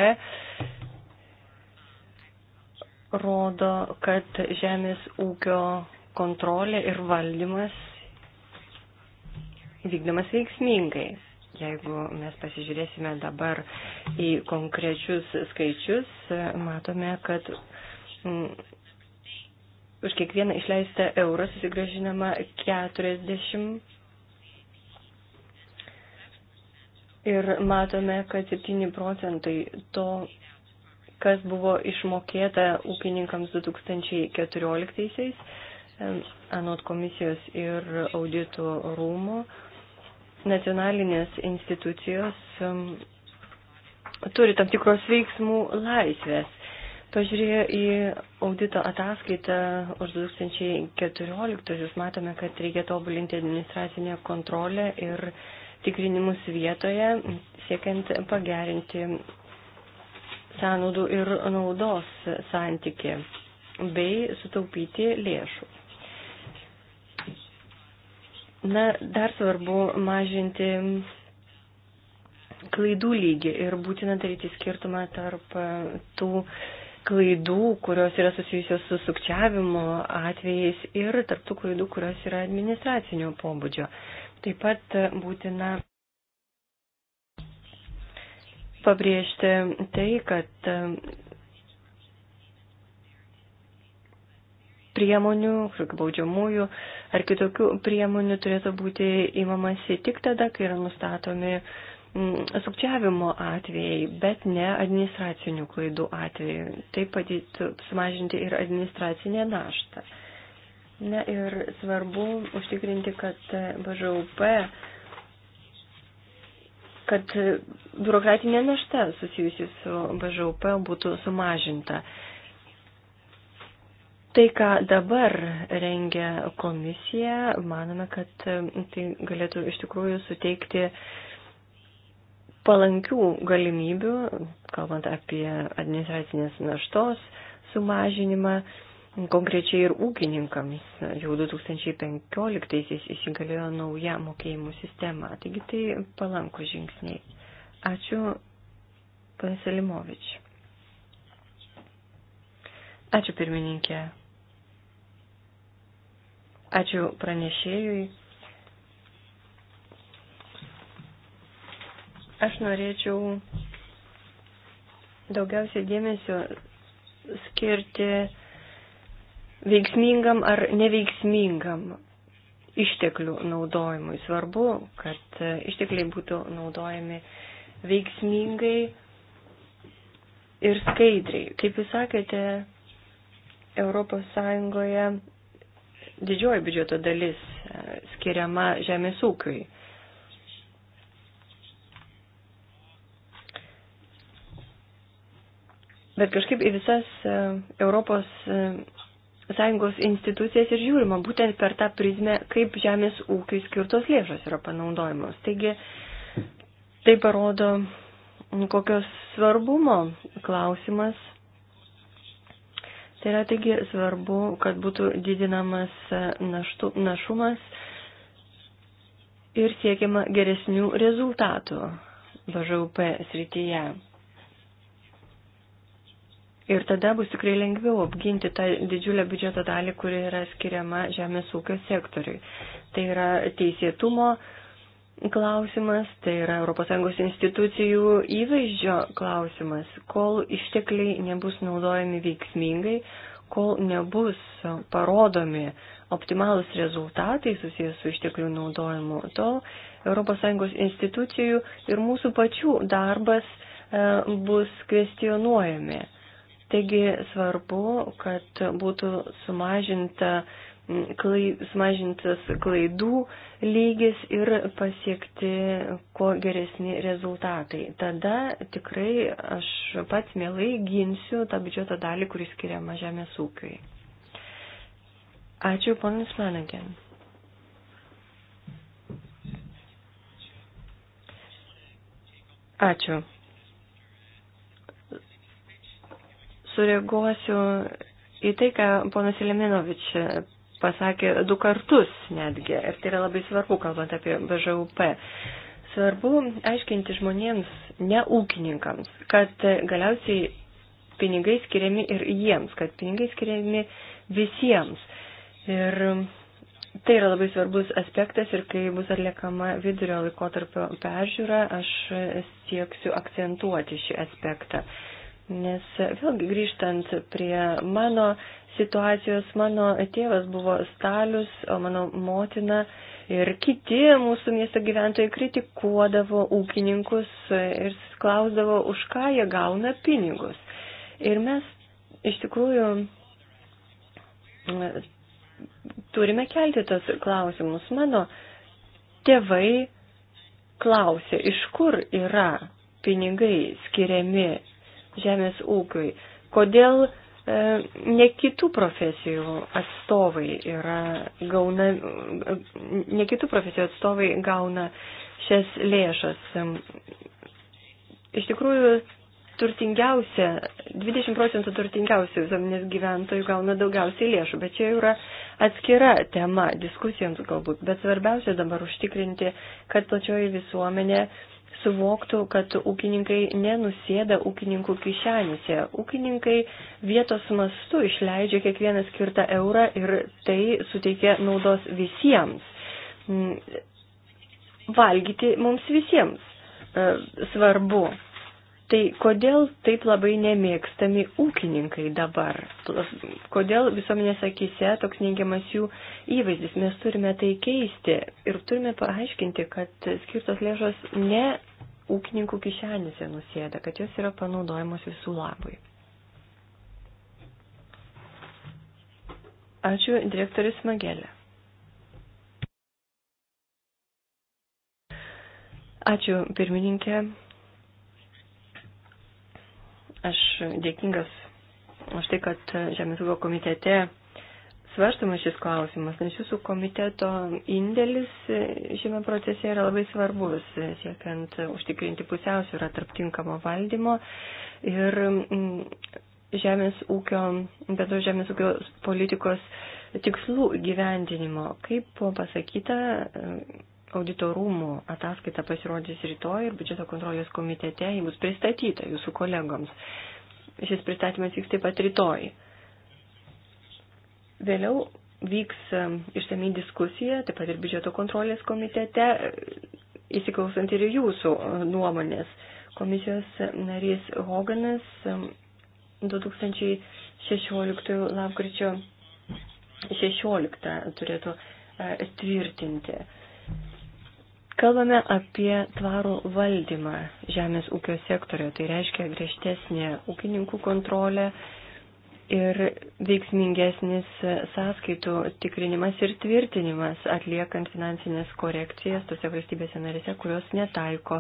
rodo, kad žemės ūkio kontrolė ir valdymas vykdomas veiksmingai. Jeigu mes pasižiūrėsime dabar į konkrečius skaičius, matome, kad Mm. už kiekvieną išleistą eurą susigražinama 40. Ir matome, kad 7 procentai to, kas buvo išmokėta ūkininkams 2014-aisiais, anot komisijos ir audito rūmo, nacionalinės institucijos turi tam tikros veiksmų laisvės Pažiūrėję į audito ataskaitą už 2014, matome, kad reikia tobulinti administracinę kontrolę ir tikrinimus vietoje, siekiant pagerinti sąnaudų ir naudos santyki bei sutaupyti lėšų. Na, dar svarbu mažinti klaidų lygį ir būtina daryti skirtumą tarp tų uh, klaidų, kurios yra susijusios su sukčiavimo atvejais ir tarptų klaidų, kurios yra administracinio pobūdžio. Taip pat būtina pabrėžti tai, kad e, priemonių, baudžiamųjų ar kitokių priemonių turėtų būti įmamasi tik tada, kai yra nustatomi Mm, sukčiavimo atvejai, bet ne administracinių klaidų atvejai. Tai padėtų sumažinti ir administracinę naštą. Na ir svarbu užtikrinti, kad BŽUP, kad biurokratinė našta susijusi su BŽUP būtų sumažinta. Tai, ką dabar rengia komisija, manome, kad tai galėtų iš tikrųjų suteikti uh, palankių galimybių, kalbant apie administracinės naštos sumažinimą, konkrečiai ir ūkininkams. Jau 2015-aisiais įsigalėjo nauja mokėjimų sistema, taigi tai palankų žingsniai. Ačiū, panas Elimovič. Ačiū pirmininkė. Ačiū pranešėjui. Aš norėčiau daugiausiai dėmesio skirti veiksmingam ar neveiksmingam išteklių naudojimui. Svarbu, kad ištekliai būtų naudojami veiksmingai ir skaidriai. Kaip jūs sakėte, ES didžioji biudžeto dalis e, skiriama žemės ūkiui. Bet kažkaip į visas e, Europos e, Sąjungos institucijas ir žiūrima būtent per tą prizmę, kaip žemės ūkiai skirtos lėšos yra panaudojamos. Taigi tai parodo, kokios svarbumo klausimas. Tai yra taigi svarbu, kad būtų didinamas e, naštu, našumas ir siekiama geresnių rezultatų BŽUP srityje. Ir tada bus tikrai lengviau apginti tą didžiulę biudžeto dalį, kuri yra skiriama žemės ūkio sektoriui. Tai yra teisėtumo klausimas, tai yra ES institucijų įvaizdžio klausimas. Kol ištekliai nebus naudojami veiksmingai, kol nebus parodomi optimalus rezultatai susijęs su išteklių naudojimu, tol ES institucijų ir mūsų pačių darbas e, bus kvestionuojami. Taigi svarbu, kad būtų sumažinta, klai, sumažintas klaidų lygis ir pasiekti kuo geresni rezultatai. Tada tikrai aš pats mielai ginsiu tą biudžeto dalį, kuris skiriama žemės ūkiui. Ačiū, ponas Managen. Ačiū. sureaguosiu į tai, ką ponas Eliminovič pasakė du kartus netgi. Ir tai yra labai svarbu, kalbant apie BŽUP. Svarbu aiškinti žmonėms, ne ūkininkams, kad galiausiai pinigai skiriami ir jiems, kad pinigai skiriami visiems. Ir Tai yra labai svarbus aspektas ir kai bus atliekama vidurio laikotarpio peržiūra, aš sieksiu akcentuoti šį aspektą. Nes vėlgi grįžtant prie mano situacijos, mano tėvas buvo stalius, o mano motina ir kiti mūsų miesto gyventojai kritikuodavo ūkininkus ir klausdavo, už ką jie gauna pinigus. Ir mes iš tikrųjų turime kelti tos klausimus. Mano tėvai klausė, iš kur yra pinigai skiriami žemės ūkiui. Kodėl e, ne kitų profesijų atstovai yra gauna, ne kitų profesijų atstovai gauna šias lėšas? Iš tikrųjų, turtingiausia, 20 procentų turtingiausių visuomenės gyventojų gauna daugiausiai lėšų, bet čia yra atskira tema diskusijoms galbūt, bet svarbiausia dabar užtikrinti, kad plačioji visuomenė uh, suvoktų, kad ūkininkai nenusėda ūkininkų kišenėse. Ūkininkai vietos mastu išleidžia kiekvieną skirtą eurą ir tai suteikia naudos visiems. Mm, valgyti mums visiems e, svarbu. Tai kodėl taip labai nemėgstami ūkininkai dabar? Kodėl visuomenės akise toks neigiamas jų įvaizdis? Mes turime tai keisti ir turime paaiškinti, kad skirtos lėšos ne ūkininkų kišenėse nusėda, kad jos yra panaudojamos visų labui. Ačiū, direktorius Magelė. Ačiū, pirmininkė. Aš dėkingas už tai, kad Žemės ūkio komitete svarstamas šis klausimas, nes jūsų komiteto indėlis šiame procese yra labai svarbus, siekiant užtikrinti pusiausvyrą tarp tinkamo valdymo ir mm, žemės ūkio, bendro žemės ūkio politikos tikslų gyvendinimo. Kaip buvo pasakyta, audito rūmų ataskaita pasirodys rytoj ir biudžeto kontrolės komitete ji bus pristatyta jūsų kolegoms. Šis pristatymas vyks taip pat rytoj. Vėliau vyks išsamiai diskusija, taip pat ir biudžeto kontrolės komitete, įsiklausant ir jūsų e, nuomonės. Komisijos narys Hoganas 2016 lapkričio 16 turėtų e, tvirtinti Kalbame apie tvarų valdymą žemės ūkio sektorio, tai reiškia griežtesnė ūkininkų kontrolė ir veiksmingesnis sąskaitų tikrinimas ir tvirtinimas atliekant finansinės korekcijas tose valstybėse narėse, kurios netaiko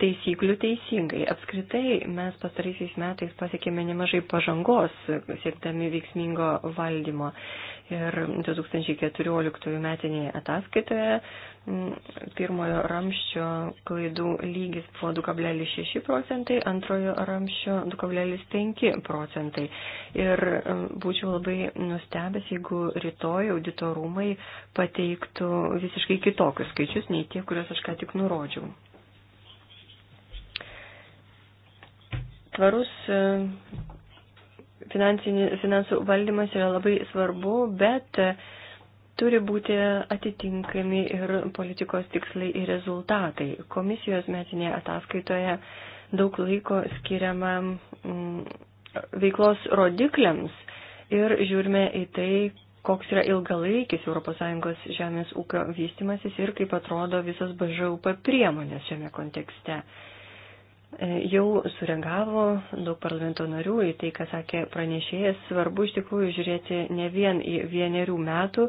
taisyklių teisingai. Apskritai mes pastaraisiais metais pasiekėme nemažai pažangos siekdami veiksmingo valdymo. Ir 2014 metinėje ataskaitoje mm, pirmojo ramščio klaidų lygis buvo 2,6 procentai, antrojo ramščio 2,5 procentai. Ir mm, būčiau labai nustebęs, jeigu rytoj auditorumai pateiktų visiškai kitokius skaičius nei tie, kuriuos aš ką tik nurodžiau. Tvarus mm, finansų valdymas yra labai svarbu, bet e, turi būti atitinkami ir politikos tikslai ir rezultatai. Komisijos metinėje ataskaitoje daug laiko skiriama mm, veiklos rodikliams ir žiūrime į tai, koks yra ilgalaikis ES žemės ūkio vystimasis ir kaip atrodo visas BŽUP priemonės šiame kontekste. E, jau sureagavo daug parlamento narių į tai, ką sakė pranešėjas. Svarbu iš tikrųjų žiūrėti ne vien į vienerių metų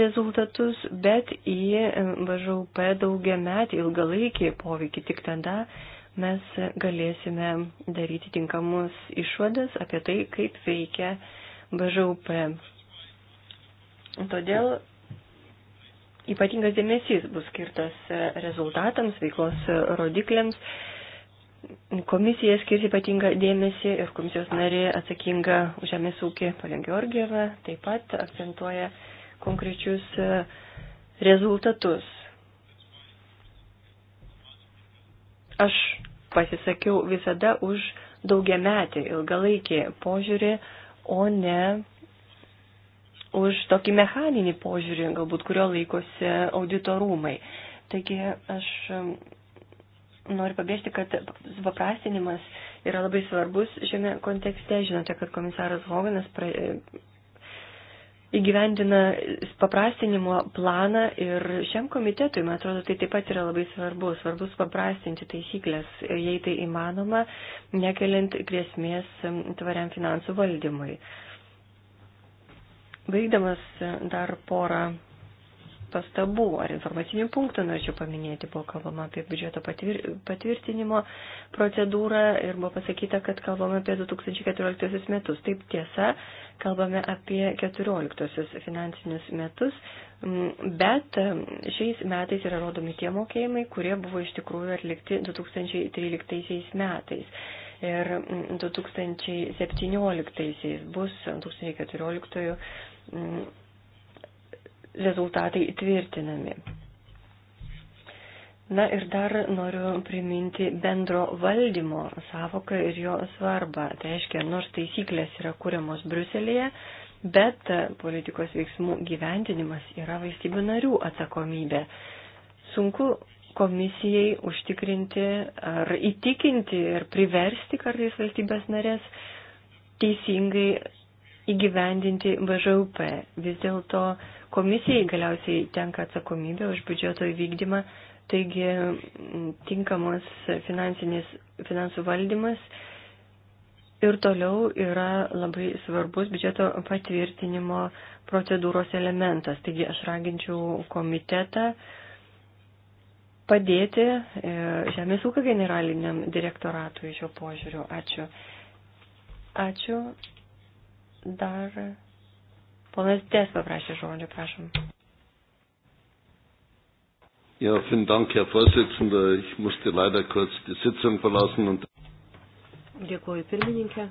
rezultatus, bet į e, BŽUP daugia metį ilgalaikį poveikį. Tik tada mes galėsime daryti tinkamus išvadas apie tai, kaip veikia BŽUP. Todėl ypatingas dėmesys bus skirtas e, rezultatams, veiklos rodikliams komisija skirs ypatingą dėmesį ir komisijos narė atsakinga už žemės ūkį Palen Georgieva taip pat akcentuoja konkrečius e, rezultatus. Aš pasisakiau visada už daugiametį ilgalaikį požiūrį, o ne už tokį mechaninį požiūrį, galbūt kurio laikosi auditorumai. Taigi aš noriu pabrėžti, kad supaprastinimas yra labai svarbus šiame kontekste. Žinote, kad komisaras Hoganas pra... įgyvendina supaprastinimo planą ir šiam komitetui, man atrodo, tai taip pat yra labai svarbu. Svarbu supaprastinti taisyklės, jei tai įmanoma, nekeliant grėsmės tvariam finansų valdymui. Baigdamas dar porą pastabų ar informacinių punktų norėčiau paminėti. Buvo kalbama apie biudžeto patvirtinimo procedūrą ir buvo pasakyta, kad kalbame apie 2014 metus. Taip tiesa, kalbame apie 2014 finansinius metus, mm, bet mm, šiais metais yra rodomi tie mokėjimai, kurie buvo iš tikrųjų atlikti 2013 metais ir 2017 mm, bus 2014 rezultatai tvirtinami. Na ir dar noriu priminti bendro valdymo savoką ir jo svarbą. Tai reiškia, nors taisyklės yra kūriamos Bruselėje, bet politikos veiksmų gyventinimas yra valstybių narių atsakomybė. Sunku komisijai užtikrinti ar įtikinti ir priversti kartais valstybės narės teisingai įgyvendinti BŽUP. Vis dėlto Komisijai galiausiai tenka atsakomybė už biudžeto įvykdymą, taigi tinkamas finansų valdymas ir toliau yra labai svarbus biudžeto patvirtinimo procedūros elementas. Taigi aš raginčiau komitetą padėti e, Žemės ūkio generaliniam direktoratui šio požiūriu. Ačiū. Ačiū. Dar Ponas Des paprašė žodžio, prašom. Ja, vielen Dank, Herr Vorsitzender. Ich musste leider kurz die Sitzung verlassen und. Dėkuoju, pirmininkė.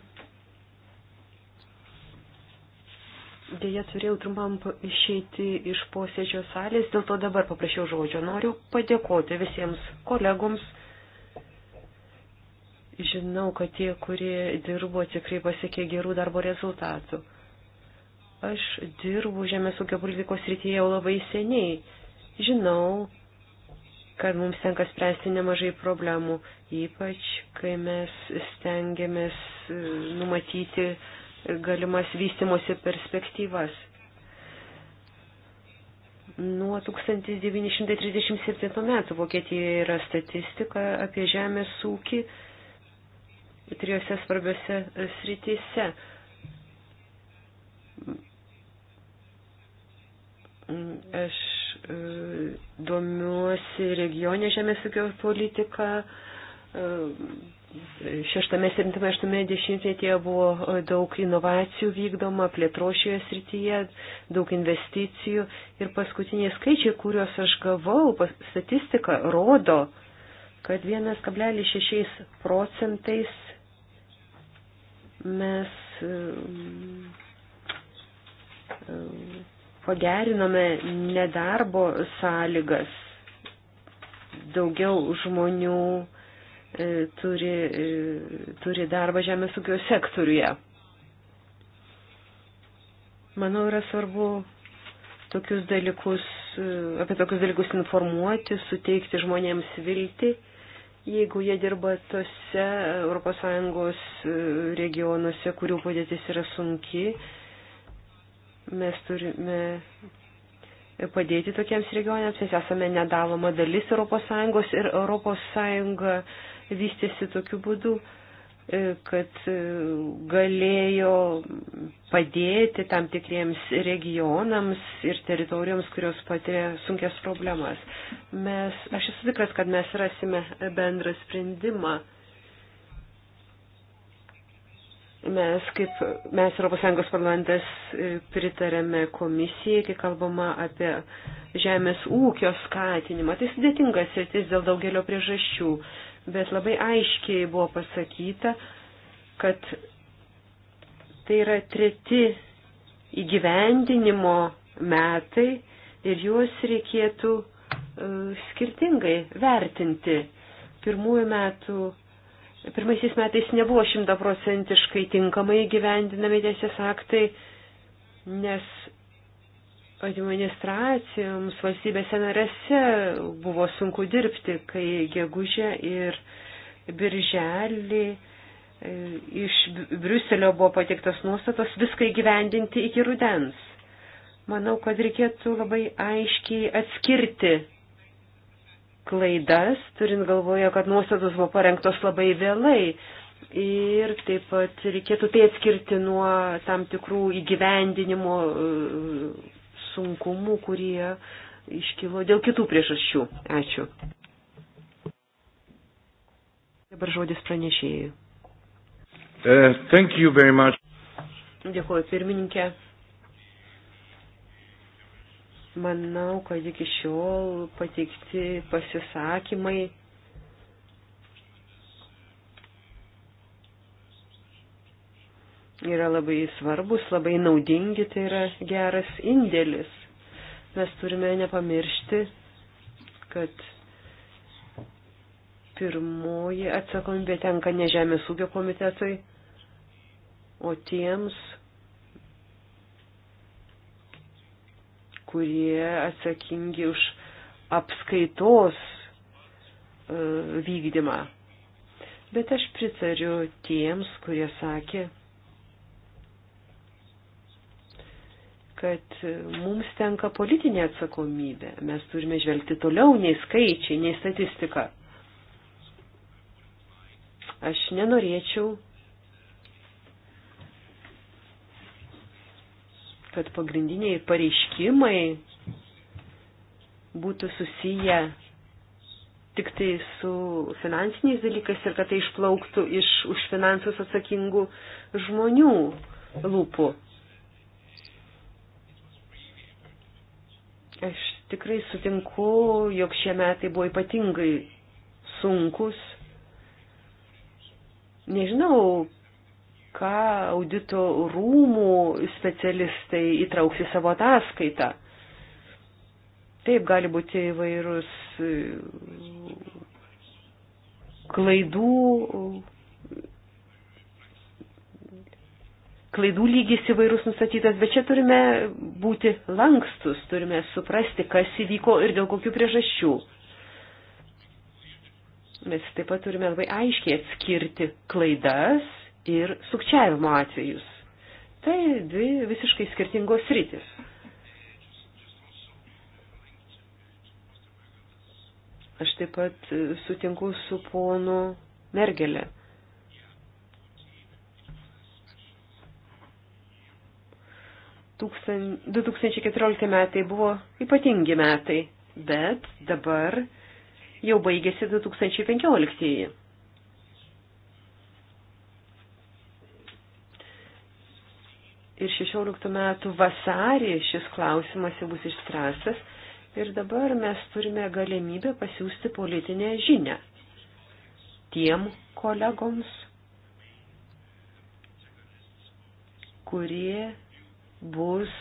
Deja, turėjau trumpam išeiti iš posėdžio salės, dėl to dabar paprašiau žodžio. Noriu padėkoti visiems kolegoms. Žinau, kad tie, kurie dirbo, tikrai pasiekė gerų darbo rezultatų. Aš dirbu žemės ūkio politikos rytyje jau labai seniai. Žinau, kad mums tenka spręsti nemažai problemų, ypač kai mes stengiamės e, numatyti galimas vystimosi perspektyvas. Nuo 1937 metų Vokietijoje yra statistika apie žemės ūkį trijose svarbiose srityse Aš e, domiuosi regionė žemės ūkio politika. E, šeštame, septintame, aštuntame dešimtmetyje buvo e, daug inovacijų vykdoma, plėtro šioje srityje, daug investicijų ir paskutiniai skaičiai, kuriuos aš gavau, statistika rodo, kad 1,6 procentais mes pagerinome nedarbo sąlygas. Daugiau žmonių e, turi, e, turi darbą žemės ūkio sektoriuje. Manau, yra svarbu tokius dalykus, e, apie tokius dalykus informuoti, suteikti žmonėms vilti, jeigu jie dirba tose ES regionuose, kurių padėtis yra sunki, Mes turime padėti tokiems regionams, mes esame nedaloma dalis ES ir ES vystėsi tokiu būdu, e, kad e, galėjo padėti tam tikriems regionams ir teritorijoms, kurios patiria sunkias problemas. Mes, aš esu tikras, kad mes rasime bendrą sprendimą Mes, kaip mes ES parlamentas, e, pritarėme komisijai, kai kalbama apie žemės ūkio skatinimą. Tai sudėtingas sritis dėl daugelio priežasčių, bet labai aiškiai buvo pasakyta, kad tai yra treti įgyvendinimo metai ir juos reikėtų e, skirtingai vertinti. Pirmųjų metų Pirmaisiais metais nebuvo šimtaprocentiškai tinkamai gyvendinami teisės aktai, nes administracijoms valstybėse narėse buvo sunku dirbti, kai gegužė ir birželį e, iš Briuselio buvo patiktos nuostatos viską įgyvendinti iki rudens. Manau, kad reikėtų labai aiškiai atskirti klaidas, turint galvoje, kad nuostatos buvo parengtos labai vėlai. Ir taip pat reikėtų tai atskirti nuo tam tikrų įgyvendinimo e, sunkumų, kurie iškilo dėl kitų priežasčių. Ačiū. Dabar žodis pranešėjai. Uh, Dėkuoju pirmininkė. Manau, kad iki šiol pateikti pasisakymai yra labai svarbus, labai naudingi, tai yra geras indėlis. Mes turime nepamiršti, kad pirmoji atsakomybė tenka ne Žemės ūkio komitetui, o tiems, kurie atsakingi už apskaitos e, vykdymą. Bet aš pritariu tiems, kurie sakė, kad mums tenka politinė atsakomybė. Mes turime žvelgti toliau nei skaičiai, nei statistika. Aš nenorėčiau kad pagrindiniai pareiškimai būtų susiję tik tai su finansiniais dalykais ir kad tai išplauktų iš už finansus atsakingų žmonių lūpų. Aš tikrai sutinku, jog šie metai buvo ypatingai sunkus. Nežinau, ką audito rūmų specialistai įtrauks į savo ataskaitą. Taip gali būti įvairūs e, klaidų, klaidų lygis įvairūs nustatytas, bet čia turime būti lankstus, turime suprasti, kas įvyko ir dėl kokių priežasčių. Mes taip pat turime labai aiškiai atskirti klaidas ir sukčiavimo atvejus. Tai dvi visiškai skirtingos rytis. Aš taip pat sutinku su ponu Mergelė. Tūkstan... 2014 metai buvo ypatingi metai, bet dabar jau baigėsi 2015. ir 16 metų vasarį šis klausimas jau bus išspręstas ir dabar mes turime galimybę pasiūsti politinę žinę tiem kolegoms, kurie bus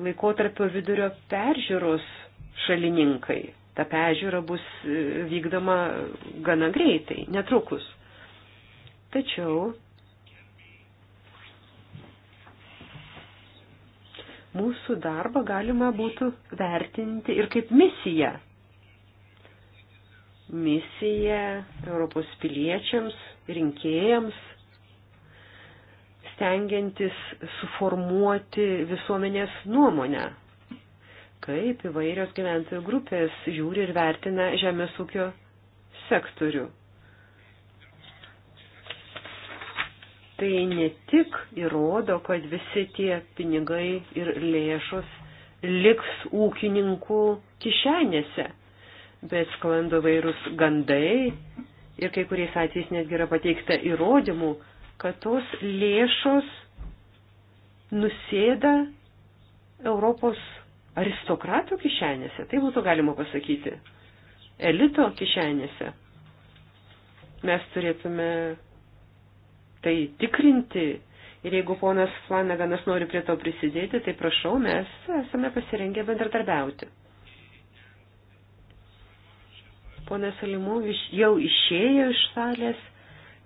laikotarpio vidurio peržiūros šalininkai. Ta peržiūra bus e, vykdoma gana greitai, netrukus. Tačiau Mūsų darbą galima būtų vertinti ir kaip misiją. Misija Europos piliečiams, rinkėjams, stengiantis suformuoti visuomenės nuomonę, kaip įvairios gyventojų grupės žiūri ir vertina žemės ūkio sektorių. Tai ne tik įrodo, kad visi tie pinigai ir lėšos liks ūkininkų kišenėse, bet sklando vairūs gandai ir kai kuriais atvejais netgi yra pateikta įrodymų, kad tos lėšos nusėda Europos aristokratų kišenėse, tai būtų galima pasakyti, elito kišenėse. Mes turėtume tai tikrinti. Ir jeigu ponas Flanaganas nori prie to prisidėti, tai prašau, mes esame pasirengę bendradarbiauti. Ponas Alimu jau išėjo iš salės,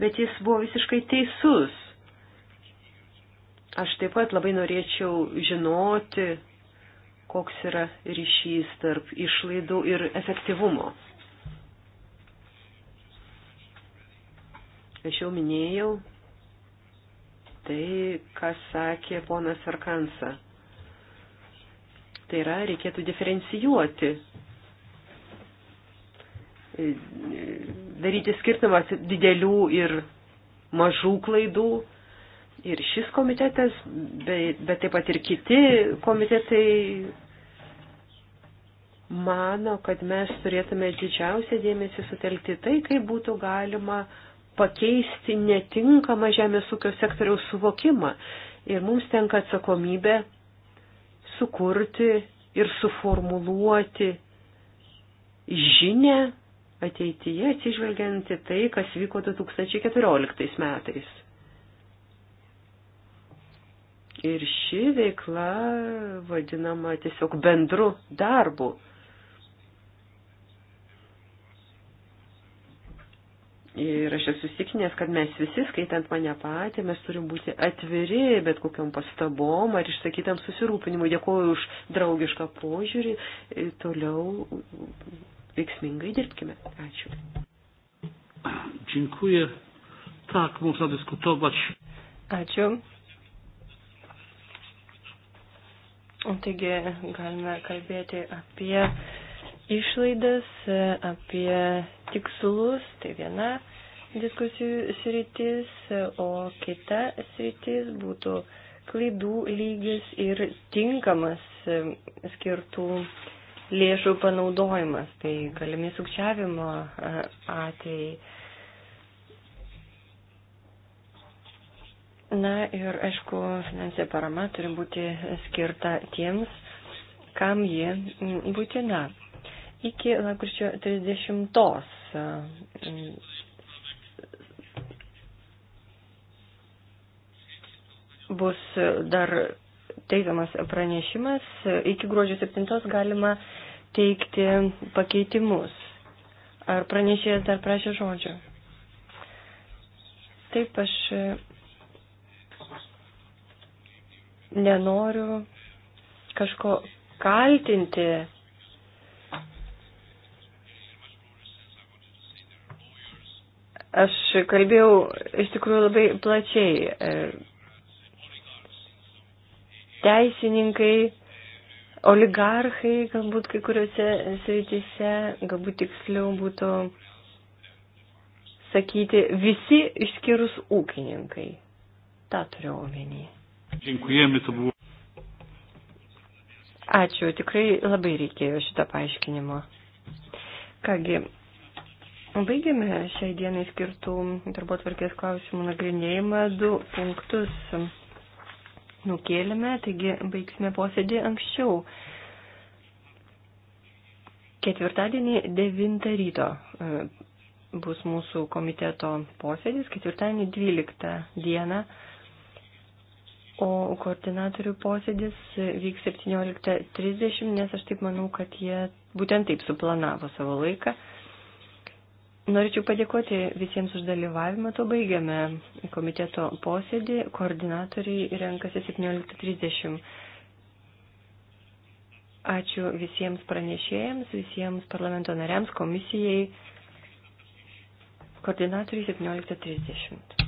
bet jis buvo visiškai teisus. Aš taip pat labai norėčiau žinoti, koks yra ryšys tarp išlaidų ir efektyvumo. Aš jau minėjau, tai, kas sakė ponas Arkansa. Tai yra, reikėtų diferencijuoti, e, daryti skirtumą didelių ir mažų klaidų. Ir šis komitetas, bet, bet taip pat ir kiti komitetai mano, kad mes turėtume didžiausią dėmesį sutelkti tai, kaip būtų galima uh, pakeisti netinkamą žemės ūkio sektoriaus suvokimą. Ir mums tenka atsakomybė sukurti ir suformuluoti žinę ateityje atsižvelgianti tai, kas vyko 2014 metais. Ir ši veikla vadinama tiesiog bendru darbu. Ir aš esu įsitikinęs, kad mes visi, skaitant mane patį, mes turim būti atviri bet kokiam pastabom ar išsakytam susirūpinimui. Dėkuoju už draugišką požiūrį. E, toliau veiksmingai dirbkime. Ačiū. Dziękuję. Tak, można dyskutować. Ačiū. Taigi galime kalbėti apie išlaidas, apie tikslus, tai viena diskusijų sritis, o kita sritis būtų klaidų lygis ir tinkamas e, skirtų lėšų panaudojimas, tai galimi sukčiavimo e, atvejai. Na ir aišku, finansinė parama turi būti skirta tiems, kam ji būtina iki lakrūčio 30. Bus dar teikiamas pranešimas, iki gruodžio 7 galima teikti pakeitimus. Ar pranešėjas dar prašė žodžio? Taip, aš nenoriu kažko kaltinti Aš kalbėjau iš tikrųjų labai plačiai. Teisininkai, oligarchai, galbūt kai kuriuose srityse, galbūt tiksliau būtų sakyti visi išskyrus ūkininkai. Ta turiu omeny. Ačiū, tikrai labai reikėjo šito paaiškinimo. Kągi, Baigėme šiai dienai skirtų darbo tvarkės klausimų nagrinėjimą. Du punktus nukėlėme, taigi baigsime posėdį anksčiau. Ketvirtadienį 9 ryto e, bus mūsų komiteto posėdis, ketvirtadienį 12 dieną, o koordinatorių posėdis vyks 17.30, nes aš taip manau, kad jie būtent taip suplanavo savo laiką. Norėčiau padėkoti visiems už dalyvavimą. To baigiame komiteto posėdį. Koordinatoriai renkasi 17.30. Ačiū visiems pranešėjams, visiems parlamento nariams, komisijai. Koordinatoriai 17.30.